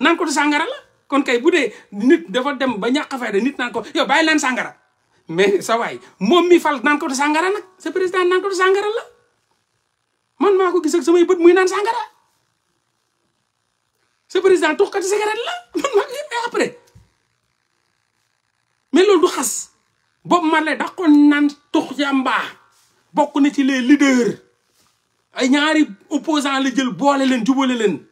nan ko sangara la kon kay bu nit dafa dem banyak kafe de nit naan ko Yo bàyyi lan sangara mais sa mi fal nan ko sangara nak sa président nan ko sangara la man maa ko gis ak samay bët muy naan sangara sa président tuxkati cigarette la man maa ko gis après mais loolu du xas Bob ma da dakon naan yamba bokku na ci les leaders ay ñaari opposant la jël boole leen jubale leen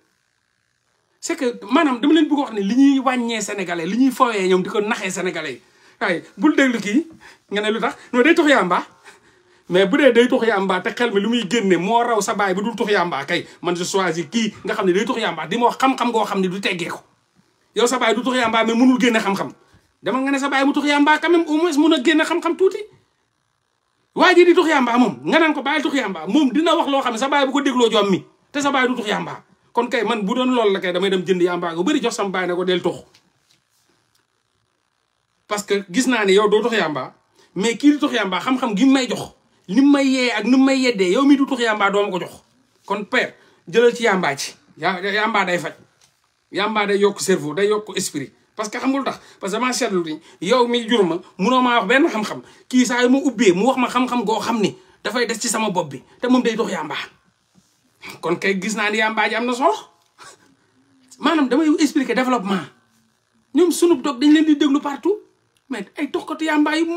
c'est que maanaam dama leen bëgg wax ne li ñuy wàññee sénégalais li ñuy fowee ñoom di ko naxee sénégalais yi waaye bul déglu kii nga lu tax non day tux yàmba mais bu dee day tux yàmba te xel mi lu muy génne moo raw sa baay bu dul tux yàmba kay man je choisis kii nga xam ne day tux yàmba di ma wax xam-xam goo xam ne du teggee ko yow sa baay du tux yàmba mais génne xam-xam nga ne sa baay mu tux yàmba quand même au moins mun a génne xam-xam tuuti waa ji di tux yàmbaa moom nga naan ko bàyyi tux yàmbaa moom dina wax loo xam ne sa baay bu ko dégloo jom mi te sa baay du tux yàmbaa kon kay man bu doon loolu la kay damay dem jënd yàmbaa nga bëri jox sama baay ne ko que gis naa ne yow doo tux yàmbaa mais kii di tux yàmbaa xam-xam mu may jox ni mu may yee ak ni mu may yeddee yow mi du tux yàmbaa ko jox kon père jëlal ci yàmbaa ci yàmbaa day faj yàmbaa day yokk cerveau day yokk esprit parce que xamul tax parce que damaa seetlu ni yow mi jur ma munoo ma wax benn xam-xam kii saa yi ma ubbee mu wax ma xam-xam goo xam ni dafay des ci sama bopp bi te moom day dox yàmbaa kon kay gis naa ni yàmbaa ji am na solo maanaam damay expliquer développement ñoom sunu dog dañ leen di déglu partout mais ay toxkatu yàmbaa yu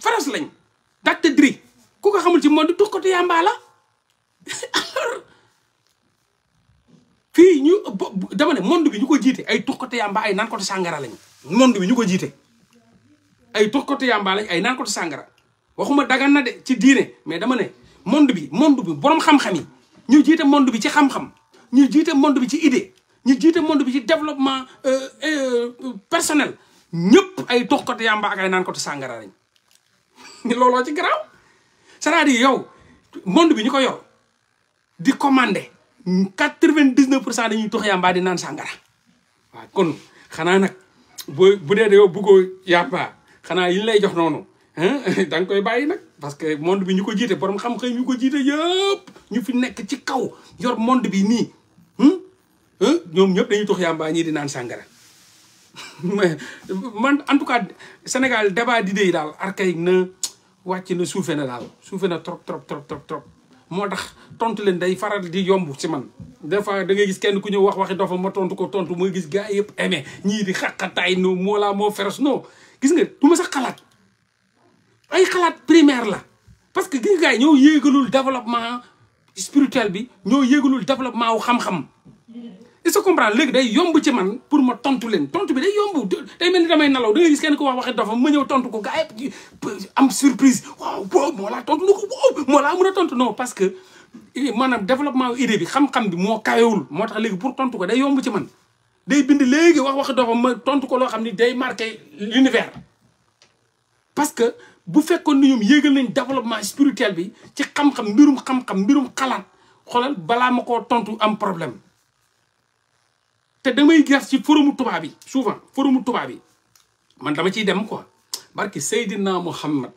France lañ Dr Dre ku ko xamul ci monde toxkatu yàmbaa la (laughs) Fi ñu dama ne monde bi ñuko jité ay tuxkatu yamba ay nan ko sangara lañ monde bi ñuko jité ay tuxkatu yamba lañ ay nan ko sangara waxuma dagan na de ci diiné mais dama ne monde bi monde bi borom xam-xam yi ñu jité monde bi ci xam-xam ñu jité monde bi ci idée ñu jité monde bi ci développement euh, euh, personnel ñepp ay tuxkatu yamba ak ay nan ko sangara lañ (laughs) lolo ci graw cest à yow monde bi ñuko yor di commander. quatre-vingt-dix-neuf pour cent dañuy tox yàmbaa di naan sàngara waaw kon xanaa nag boo bu de yow bëggoo yàmbaa xanaa yi lay jox noonu (laughs) da koy bàyyi nag parce que monde bi ñu ko jiite borom xam-xam ñu ko jiite yëpp ñu fi nekk ci kaw yor monde bi nii ñoom ñëpp dañuy tox yàmbaa ñii di naan sàngara (laughs) man en tout cas Sénégal débat d'idées yi daal archaïque na wàcc na suufee na daal suufee na trop trop trop trop trop moo tax tontu leen day faral di yomb ci man des fois gis kenn ku ñëw wax waxi dofam ma tontu ko tontu mooy gis gars yëpp aimé ñii di xaqataay no moo laa moo ay xalaat primaire la parce que gis gars yi ñoo yéegalul développement spirituel bi ñoo yéegalul développement wu xam-xam est-ce que day yomb ci man pour ma tontu leen tontu bi day yomb day mel ni damay ko wax waxi dofam ma ñëw tontu ko ko boobu a tontu non parce que maanaam développement idée bi xam-xam bi moo kawewul moo tax léegi pour tontu ko day yomb ci man day bind léegi wax wax dofa ma tontu ko loo xam ni day marqué l'univers parce que bu fekkoon ni ñoom yéegal nañ développement spirituel bi ci xam-xam mbirum xam-xam mbirum xalaat xoolal balaa ma ko tontu am problème te damay gas ci foromu tubaab bi souvent foromu tubaab bi man dama ciy dem quoi barki Seydina Muhammad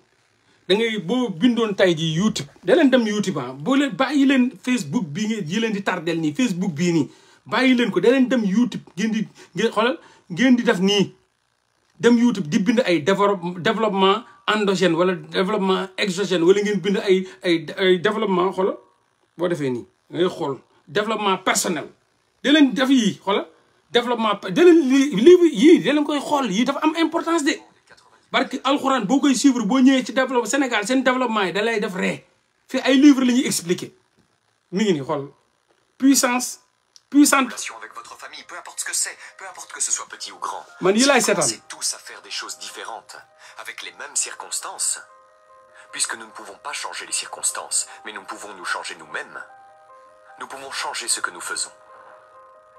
da ngay boo bindoon tay ji youtube da leen dem youtube ah boo leen bàyyi leen facebook bii ngeen yi leen di tardel nii facebook bii nii bàyyi leen ko da leen dem youtube ngeen di ngeen xoolal ngeen di def nii dem youtube di bind ay développement endogène wala développement exogène wala ngeen bind ay ay ay développement xoolal boo defee nii ngay xool développement personnel da leen def yii xoolal développement da leen lii yii da leen koy xool yii dafa am importance de barke alxuraan boo koy suivre boo ñëwee ci développement Sénégal seen développement yi da lay def ree fii ay livres la ñuy expliquer mi ngi puissance avec votre famille peu importe ce que c'est peu importe que ce soit petit ou grand. c'est tous à faire des choses différentes avec les mêmes circonstances puisque nous ne pouvons pas changer les circonstances mais nous pouvons nous changer nous-mêmes nous pouvons changer ce que nous faisons.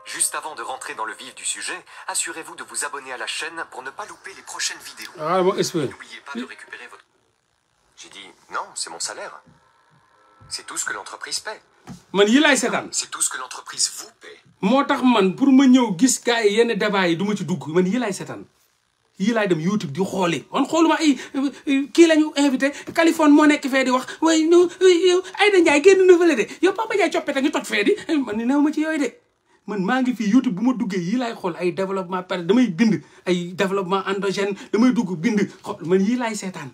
Juste avant de rentrer dans le vif du sujet, assurez-vous de vous abonner à la chaîne pour ne pas louper les prochaines vidéos. Ah, bon, N'oubliez pas de récupérer votre... J'ai dit, non, c'est mon salaire. C'est tout ce que l'entreprise paie. man yi laay seetaan c'est tout ce que l'entreprise vous paie. moo tax man pour ma ñëw gis gars yi yenn débat yi du ma ci dugg man yi laay seetaan yi laay dem YouTube di xooli man xooluma ay kii la ñu invité Californie moo nekk fee di wax way ñu Aïda Ndiaye génn na fële de yow Papa Ndiaye coppite ñu toj fee di man ni néew ma ci yooyu de. man maa ngi fi YouTube bu ma duggee yii laay xool ay développement pare damay bind ay développement endogène damay dugg bind xool man yii laay seetaan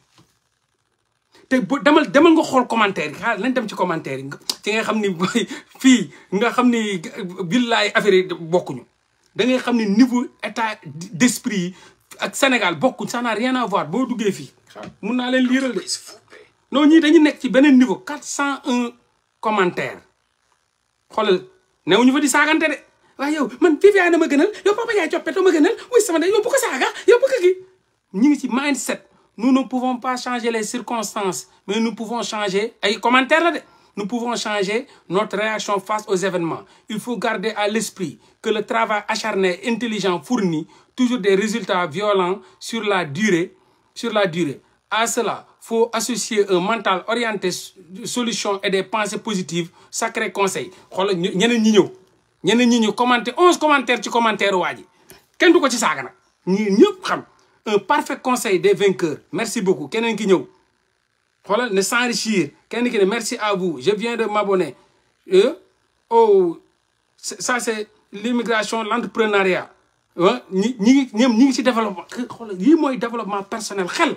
te boo demal demal nga xool commentaire yi xaaral nañ dem ci commentaire yi ci nga xam ni (laughs) fii nga xam ni billaay affaire yi bokkuñu da ngay xam ni niveau état d'esprit yi ak Sénégal bokkuñ ça n'a rien à boo duggee fii mun naa leen liiral de non ñii dañu nekk ci beneen niveau quatre cent un commentaire xoolal fa di saganté dé wa yow man Viviane ma gënal yow Papa ma gënal wuy sama dé yow bu ko yow bu ko gi ñi ngi ci mindset nous ne pouvons pas changer les circonstances mais nous pouvons changer ay commentaires dé nous pouvons changer notre réaction face aux événements il faut garder à l'esprit que le travail acharné intelligent fournit toujours des résultats violents sur la durée sur la durée à cela faut associer un mental orienté solution et des pensées positives sacré conseil xoolal ñene ñi ñew ñene ñi ñëw commenter 11 commentaires ci commentaire waa kenn du ci saga nak ñi ñep xam un parfait conseil des vainqueurs merci beaucoup kenen ki ñew xoolal ne s'enrichir kenn ki ne merci à vous je viens de m'abonner e, oh ça c'est l'immigration l'entrepreneuriat hein? ñi ñi ñoom ñi ci développement xoolal yi moy développement personnel xel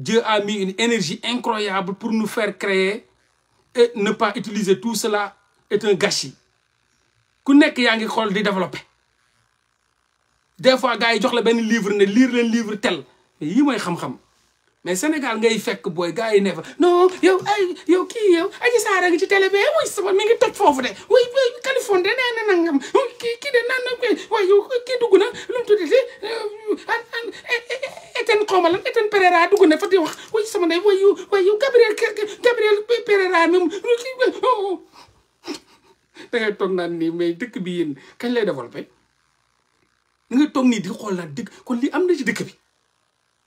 Dieu a mis une énergie incroyable pour nous faire créer et ne pas utiliser tout cela est un gâchis ku nek yaa ngi xool di développer des fois gars yi jox la livre ne lire un livre tel mais yii xam-xam mais Sénégal ngay fekk booy gars yi ne fa non yow ay yow kii yow Adji Sarr a ngi ci télé bi wuy eh, sama mi ngi toj foofu de wuy Californie de nee na nangam kii kii de kii dugg na lu mu tuddati Etienne euh, e, e, e, xaw ma lan Etienne Pereira dugg fa di wax sama ndey waay yow waay oh, oh. (laughs) mais dëkk bi yéen kañ lay développé da ngay toog nii di xool naan dëkk am na ci dëkk bi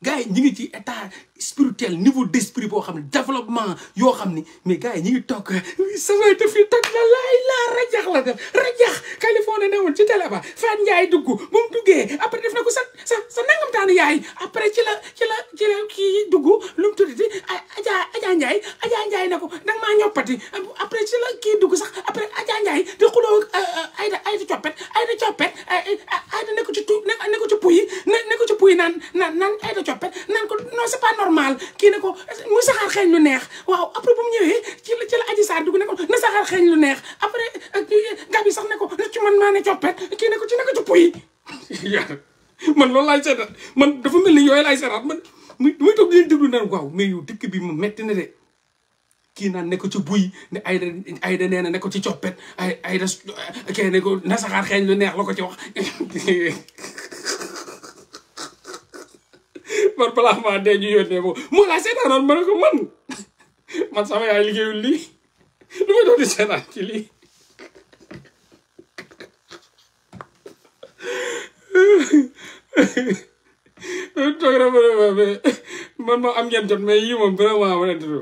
gars yi ñi ngi ci état spirituel niveau d' esprit boo xam ne développement yoo xam ni mais gars yi ñu ngi toog te fii tag la laay laa la def rajax Californie ne ci télé ba Fat Ndiaye dugg bu mu duggee après def na sa sa sa nangam taanu yaay après na ko da nga maa ñoppati après naan naan naan coppet naan ko non normal kii ne ko muy saxaar xeeñ lu neex waaw après bu mu ñëwee ci la ci la aji saar dugg ne ko na saxaar xeeñ lu neex après euh, gab yi sax ne ko na ci man maa ne coppet kii ne ko ci ne ko ci puy man loolu laay man dafa mel ni yooyu laay seetaat man muy muy toog di déglu naan waaw mais yow dëkk bi ma metti na kii naan ne ci buy ne ayda ayda nee na ne ko ci coppet ay ayda kee ko na saxaar xeeñ lu neex la ko ci wax (laughs) par भला मारदे जी होने वो मोला से ना नॉर्मल को मन मन समय आई लिखे उल्ली नु मैं नोटिस है ना किली Tokra bara babe, man ma am yam jot si yi mom bara wala dro.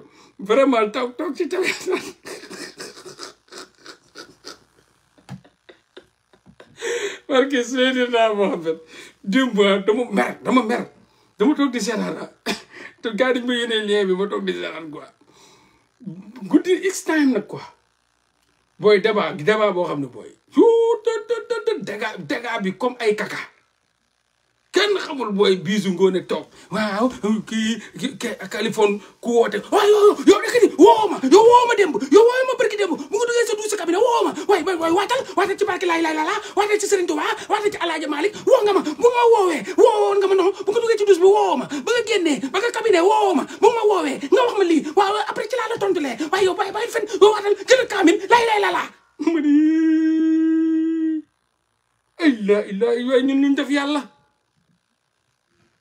Bara tok tok ci dama mer, dama mer. dama toog di seetaan (coughs) te gars yi dañ ma yónnee bi ma toog di seetaan guddi x time nag quoi booy débat débat boo xam ne booy. suut dégâts dégâts bi comme ay kaka. kenn xamul booy biisu ngoone toog waaw kii Californie ku woote waaye yow yow dëkk ni woo ma yow woo ma démb yow woo ma barki démb bu nga duggee sa duus sa cabinet woo ma waay waay waay waatal waatal ci barki ba nga génnee ba nga cabinet woo ma bu ma woowee nga wax lii waaw après laa la tontulee waaye yow bàyyi fen yow waatal gën a kaamil laay laay laa ma ni ay la ilaha waay ñun luñ def yàlla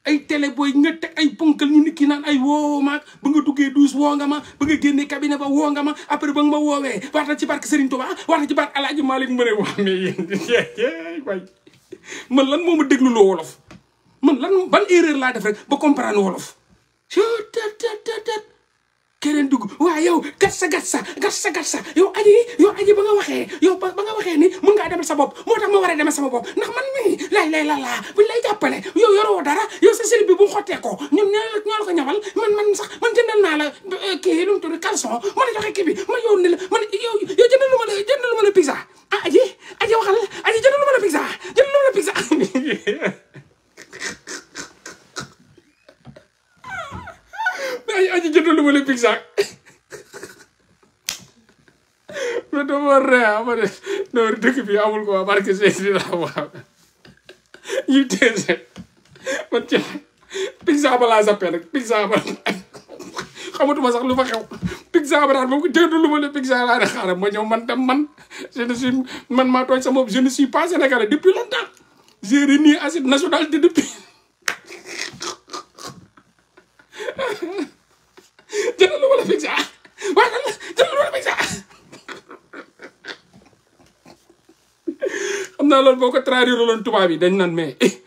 ay télé booy nga teg ay ponkal ñu nit ki naan ay woo ma ba nga duggee douze woo nga ma ba nga génnee cabinet ba woo nga ma après ba nga ma woowee waxtaan ci barke Serigne Touba waxtaan ci barke El Hadj Malick mu ne (laughs) man lan moo ma déglu loo wolof man lan ban erreur laa def rek ba comprendre wolof. keneen dugg waaye yow gassa gassa gassa gassa yow aji yow aji ba nga waxee yow ba nga waxee ni mën ngaa demal sa bopp moo tax ma war a demal sama bopp ndax man mii lay lay la laa buñ lay jàppale yow yoroo dara yow sa slip bi bu xottee ko ñun ñoo la ñamal man man sax man jëndal naa la eh, kii lu mu tudd caleçon ma la joxe kii bi man yow ni la man yow yow jëndal ma la ma la pizza ah aji aji waxal aji jëndal ma la pizza jëndal (laughs) ayo ayo, jëndalu ma leen big sac mais dama ree ama ne non dëkk bi amul ko barke Seydou dina waaw ñu teese man ci pizza ba laa zappé rek pizza ba xamatuma sax lu fa xew pizza ba daal moom jëndalu ma leen pizza laa ne xaaral ma ñëw man dem man je ne suis man sama je ne suis pas sénégalais depuis longtemps j'ai renié acide nationalité wala pizza de pizza wala pizza loon bi dañ nan mais eh,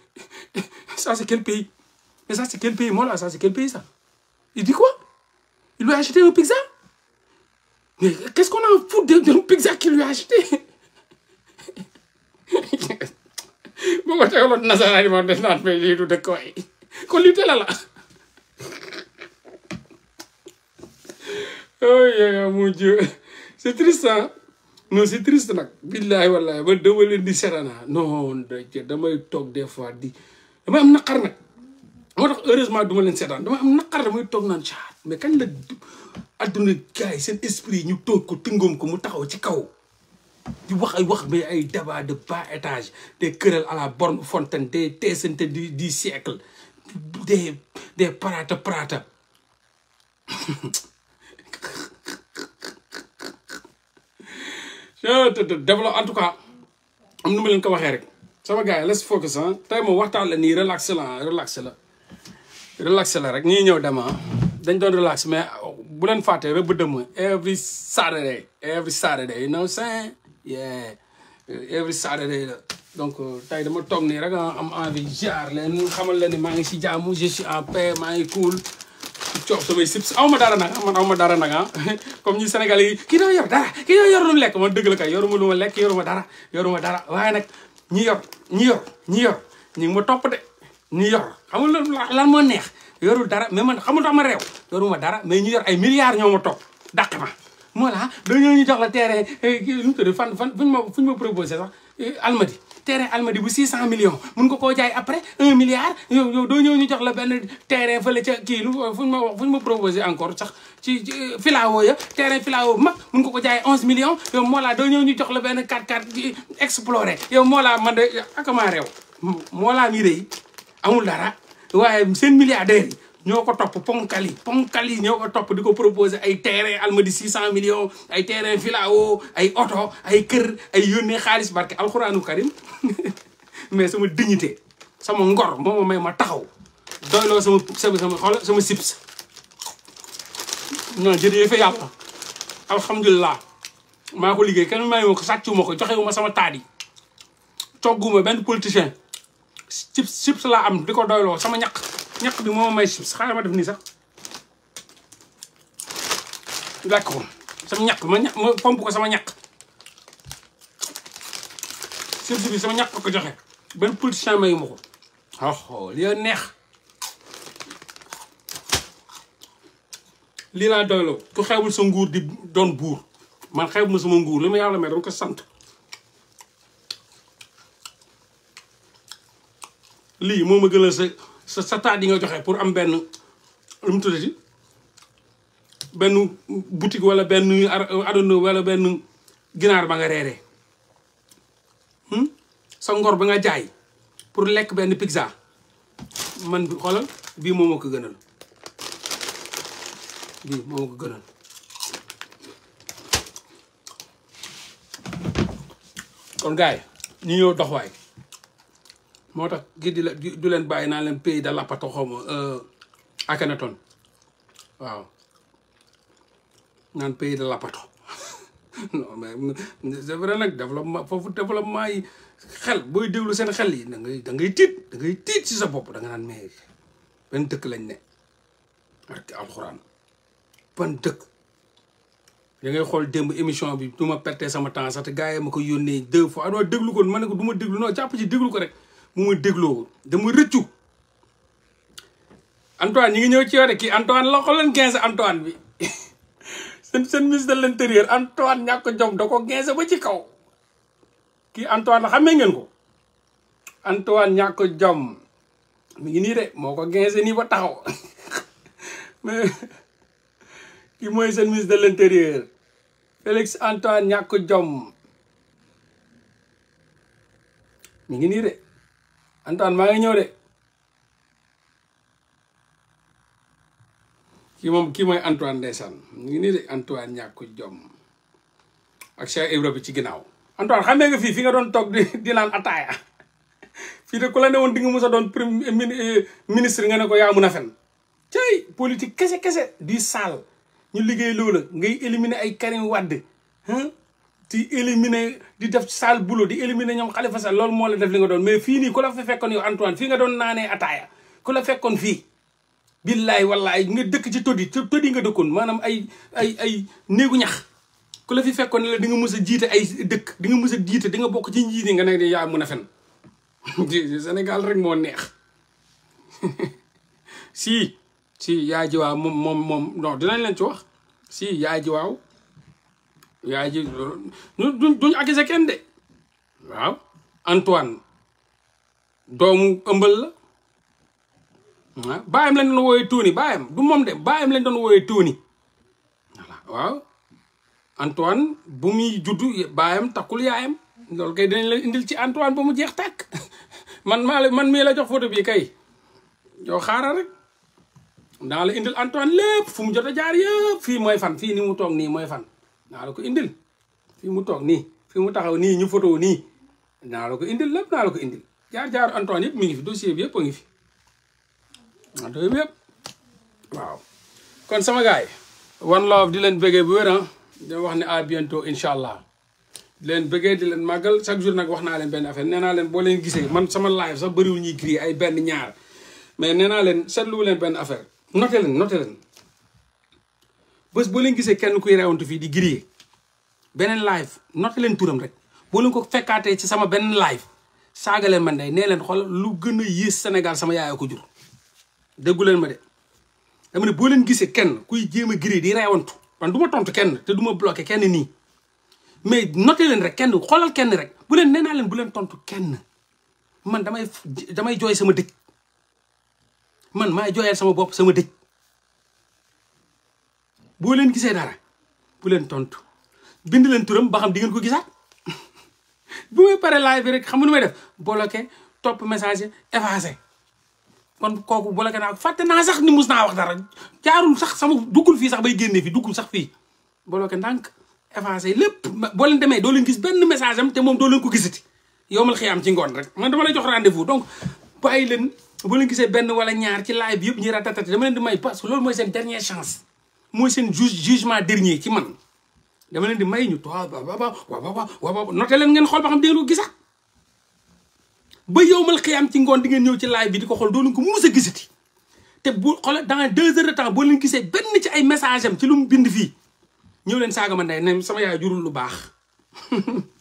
eh, ça c'est quel pays mais ça c'est quel pays Moi là, ça c'est quel pays ça il dit quoi il lui a acheté un pizza mais qu'est-ce qu'on a à foutre d'un pizza qu'il lui a acheté (laughs) bu tout oh yaya mon Dieu c' est triste ah non triste nag billahi wallahi ba dama leen di seetaan ah. non damay toog des fois di damay am naqar nag moo tax heureusement duma leen seetaan damay am naqar damay toog naan caat mais kañ la adduna gars yi seen esprit ñu toog ko tëngoom ko mu taxaw ci kaw di wax ay wax mais ay débat de bas étage des querelles à la borne fontaine des teesante du di siècle des des parata parata (laughs) Euh, développe en tout cas am nu ma leen ko waxee rek sama gars yi let's focus ah tey moom waxtaan la nii relaxé la relaxé la relaxé la rek ñii ñëw dema dañ doon relax mais oh, bu leen fàtte rëbb dëmm every Saturday every Saturday you know say yeah every Saturday la donc euh, tey dama toog nii rek am envie jaar leen xamal leen ni maa ngi si jaamu je suis en paix maa ngi cool coob samay sips aw ma dara nag man aw ma dara nag ah (laughs) comme ñi Sénégalais yi kii doo yor dara kii doo yor lu mu lekk man dëgg la kay yoruma lu ma lekk yoruma dara yoruma dara waaye nag ñi yor ñi yor ñi yor ñi ngi ma topp de ñi yor xam nga lan moo neex yorul dara mais man xamul tax ma réew yoruma dara mais ñi yor ay milliards ñoo ma topp dàq ma moo la dañoo ñu jox la terrain eh, nu mu tudd fan fan fuñ ma fuñ ma proposé sax eh, Almadi terrain almadi bu 600 millions mun nga koo jaay après 1 milliard yow yow doo ñëw ñu jox la benn terrain fële ca kii lu fuñ ma wax fuñ ma proposé encore sax ci euh, filao ya terrain filao bu mun nga ko jaay 11 millions yow moo doo ñëw ñu jox la benn 4x4 di explorer yow moo laa man de akamaa ah, réew moo laa mi rëy amul dara waaye seen milliardaires yi ñoo ko topp ponkal yi ponkal yi ñoo ko topp di ko proposé ay terrain almadi 600 millions ay terrain filao ay oto ay kër ay yónnee xaalis barke alxuraanu karim (laughs) mais sama dignité sama ngor moo ma may ma taxaw doyloo sama sama sama xol sama sips yàlla alhamdulilah maa ko liggéey kenn may ma ko sàccu ma ko joxewu ma sama taat yi cogguma benn politicien sips sips laa am di ko doyloo sama ñaq ñàkk bi moo may chips xaaral ma def nii sax làkk sama ñaq ma ñaq ma pomp ko sama ñaq chips bi sama ñàkk ko joxe benn politicien mayu ma ko oh li neex lii laa doyloo ku xewul sa nguur di doon buur man xew ma sama nguur li ma yàlla may dama ko sant lii moo ma gënal sa sa sa di pur nga joxe pour am ben lu mu tuddati ben boutique wala ben adono wala ben ginar ba nga hmm sa ngor ba nga jaay pour lek ben pizza man bi xolal bi momo ko gënal bi momo ko gënal kon ñu ñoo dox way moo tax gi di la du leen bàyyi naa leen pays de lapato xawma euh, Akhenaton waaw naan pays de lapato (laughs) non mais c'est vrai nag developpement foofu développement yi xel booy déglu seen xel yi da ngay da ngay tiit da ngay tiit ci sa bopp danga naan mais benn dëkk lañ ne ak alxuraan ban dëkk da ngay xool démb émission bi du ma perte sama temps sax te gars yi ma ko yónnee deux fois adoo ah déglu ko ma ne ko du ma déglu non jàpp ci déglu ko rek mu ma dégloo dama rëccu Antoine ñi ngi ñëw ci yow de kii Antoine loxo leen quinze Antoine bi (laughs) seen seen ministre de l'intérieur Antoine ñàkk jom da ko ba ci kaw kii Antoine la xamee ngeen ko Antoine ñàkk jom mi ngi nii de moo ko quinze nii ba taxaw (laughs) mais (laughs) kii mooy seen ministre de l'intérieur Félix Antoine ñàkk jom mi ngi nii de antaan maa ngi ñëw de kii moom kii mooy Antoine ndeysaan ñu ngi nii de Antoine ñàkk jom ak Cheikh Ibra bi ci ginnaaw xam xamee nga fii fi nga doon toog di di naan ataaya (laughs) fii de ku la ne woon di nga mos a doon premier eh, eh, ministre nga ne ko yaa mun a fen cay politique kese kese di saal ñu liggéey loola ngay éliminer ay Karim Wade di éliminer di def sale boulot di éliminer ñoom Khalifa Sall loolu moo la def li nga doon mais fii nii ku la fa fekkoon yow Antoine fii nga doon naanee ataaya ku la fekkoon fii billaay wallaay nga dëkk ci toddi toddi nga dëkkoon maanaam ay ay ay néegu ñax ku la fi fekkoon la di nga mës a jiite ay dëkk di nga mës a jiite di nga bokk ci njiit yi nga ne yaa mën a fen (laughs) Sénégal rek moo neex (laughs) si si yaa ji moom moom moom non dinañ leen ci wax si yaa ji waaw yaay ji duñ duñ accusé kenn de waaw Antoine doomu ëmbal la ah baayam lañ doon wooyee tuuni baayam du moom de baayam lañ doon wooyee tuuni voilà waaw Antoine bu muy juddu baayam takkul yaayam loolu kay dinañ la indil ci Antoine ba mu jeex tàkk (laughs) man maa la man mii la jox photo bi kay yow xaaral rek daa la indil Antoine lépp fu mu jot a jaar yëpp fii mooy fan fii ni mu toog nii mooy fan. naa la ko indil fi mu toog nii fi mu taxaw nii ñu photo nii naa la ko indil lépp naa la ko indil jaar-jaar Antoine yëpp mi ngi fi dossier bi yëpp a ngi fi dossier bi yëpp waaw kon sama gaay one love di leen bëggee bu wér ah. di wax ne à bientôt incha allah di leen bëggee di leen màggal chaque jour nag wax naa leen benn affaire nee naa leen boo leen gisee man sama live sax bëriwul ñuy gris ay benn ñaar mais nee naa leen seetlu leen benn affaire noté leen noté leen bés boo leen gisee kenn kuy rewantu fii di grillé beneen live noté leen turam rek boo leen ko fekkaatee ci sama benn live saaga leen man day nee leen xool lu gën a yées Sénégal sama yaay ko jur leen ma de dama ne boo leen gisee kenn kuy jéem a grillé di rewantu man du ma tontu kenn te du ma kenn nii mais noté leen rek kenn xoolal kenn rek bu leen nee naa leen bu leen tontu kenn man damay damay jooy sama dëj man maa jooyal sama bopp sama dëj boo leen gisee dara bu leen tontu bind leen turam ba xam di ngeen ko gisaat bu muy pare live bi rek xam nu may def bloqué topp message effacé kon kooku bloqué naa fàtte naa sax ni mus naa wax dara jaarul sax sama duggul fii sax bay génnee fii duggul sax fii bloqué ndànk effacé lépp boo leen demee doo leen gis benn message am te moom doo leen ko gisati yowmal xiyaam ci ngoon rek man dama lay jox rendez-vous donc bàyyi leen boo leen gisee benn wala mooy seen juge jugement dernier ci man dama leen di may ñu toi bababa waababa waababa noté leen ngeen xool ba xam déelu gisaat ba yowmal xiyam ci ngoon di ngeen ñëw ci laay bi di ko xool dooluñ ko mus a gisati te bu xool dans deux heures de temps boo leen gisee benn ci ay message am ci lu mu bind fii ñëw leen saaga ma ndey ne sama yaay jurul lu baax (laughs)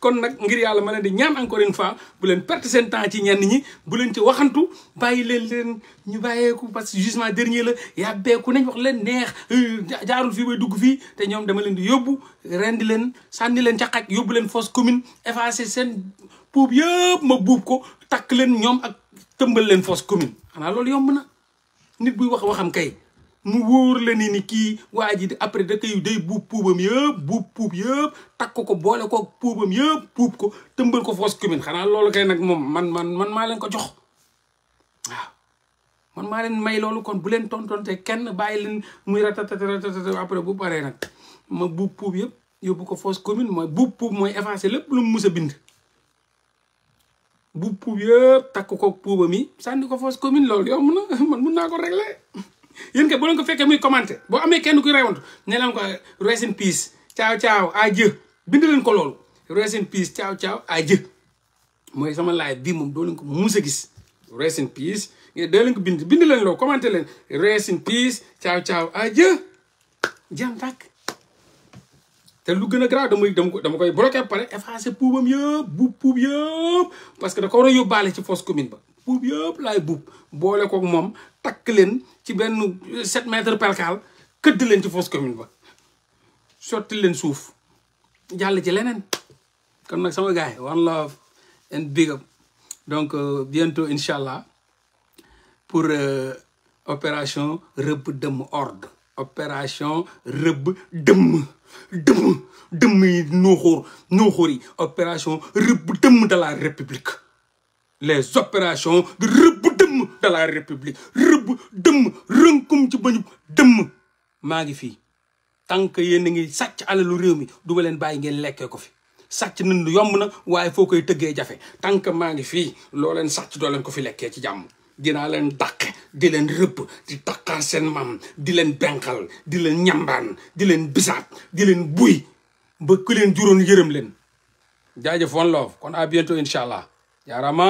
kon nag ngir yàlla ma leen di ñaan encore une fois bu leen perte seen temps ci ñenn ñi bu leen ci waxantu bàyyi leen leen ñu bàyyeeku parce que jugement dernier la yàbbeeku nañ wax leen neex euh, jaarul fi bay dugg fii te ñoom dama leen di yóbbu rendi leen sànni leen ca xaj yóbbu leen fosse commune effacé seen buub yëpp ma buub ko takk leen ñoom ak tëmbal leen fosse commune xanaa loolu yomb na nit buy wax waxam kay mu wóor la ni ni kii waa ji après da koy day buub puubam yëpp buub puub yëpp takk ko boole ko puubam yëpp puub ko tëmbal ko foos commune xanaa loolu kay nag moom man man man maa leen ko jox man maa leen may loolu kon bu leen tontonte kenn bàyyi leen muy ratatata après bu paree nag ma buub puub yëpp yóbbu ko foos commune mooy buub puub mooy effacé lépp lu mu mus a bind buub takk ko puubam yi sànni ko foos commune loolu yomb na (laughs) man mun naa ko régler yéen kay bu leen ko fekkee muy commenté boo amee kenn ku rewantu ne leen ko rest in peace ciao ciao adieu bind leen ko loolu rest in peace ciao ciao adieu mooy sama live bii moom doo leen ko mus a gis rest in ko bind bind leen loolu leen rest in peace ciao ciao adieu jam tàkk te lu gën a grave damay dama koy bloqué ba pare effacé puubam yëpp buub puub yëpp parce que da ko war a yóbbaale ci fosse commune ba puub yëpp laay buub boole kook moom qui leen ci sept mètres percal këdd leen ci fosse commune ba sotti leen suuf jàll ci leneen kon sama gars one love big up donc euh, bientôt inchallah pour euh, opération rëbb dëmm ordre opération rëbb dëmm dëmm dëmm yi opération de la république les opérations de de la république rëbb dëmm rënkum ci bañub dëmm maa ngi fi tank yéen a ngi sàcc alalu réew mi du ma leen bàyyi ngeen lekkee ko fi sàcc nañ lu yomb na waaye foo koy tëggee jafe tànk maa ngi fii loo leen sàcc doo leen ko fi lekkee ci jàmm dinaa leen dàqe di leen rëbb di taqaar seen mam di leen benqal di leen ñambaan di leen bisaab di leen buy ba ku leen juróon yërëm leen jaajëf woon loof kon à bientôt allah jaarama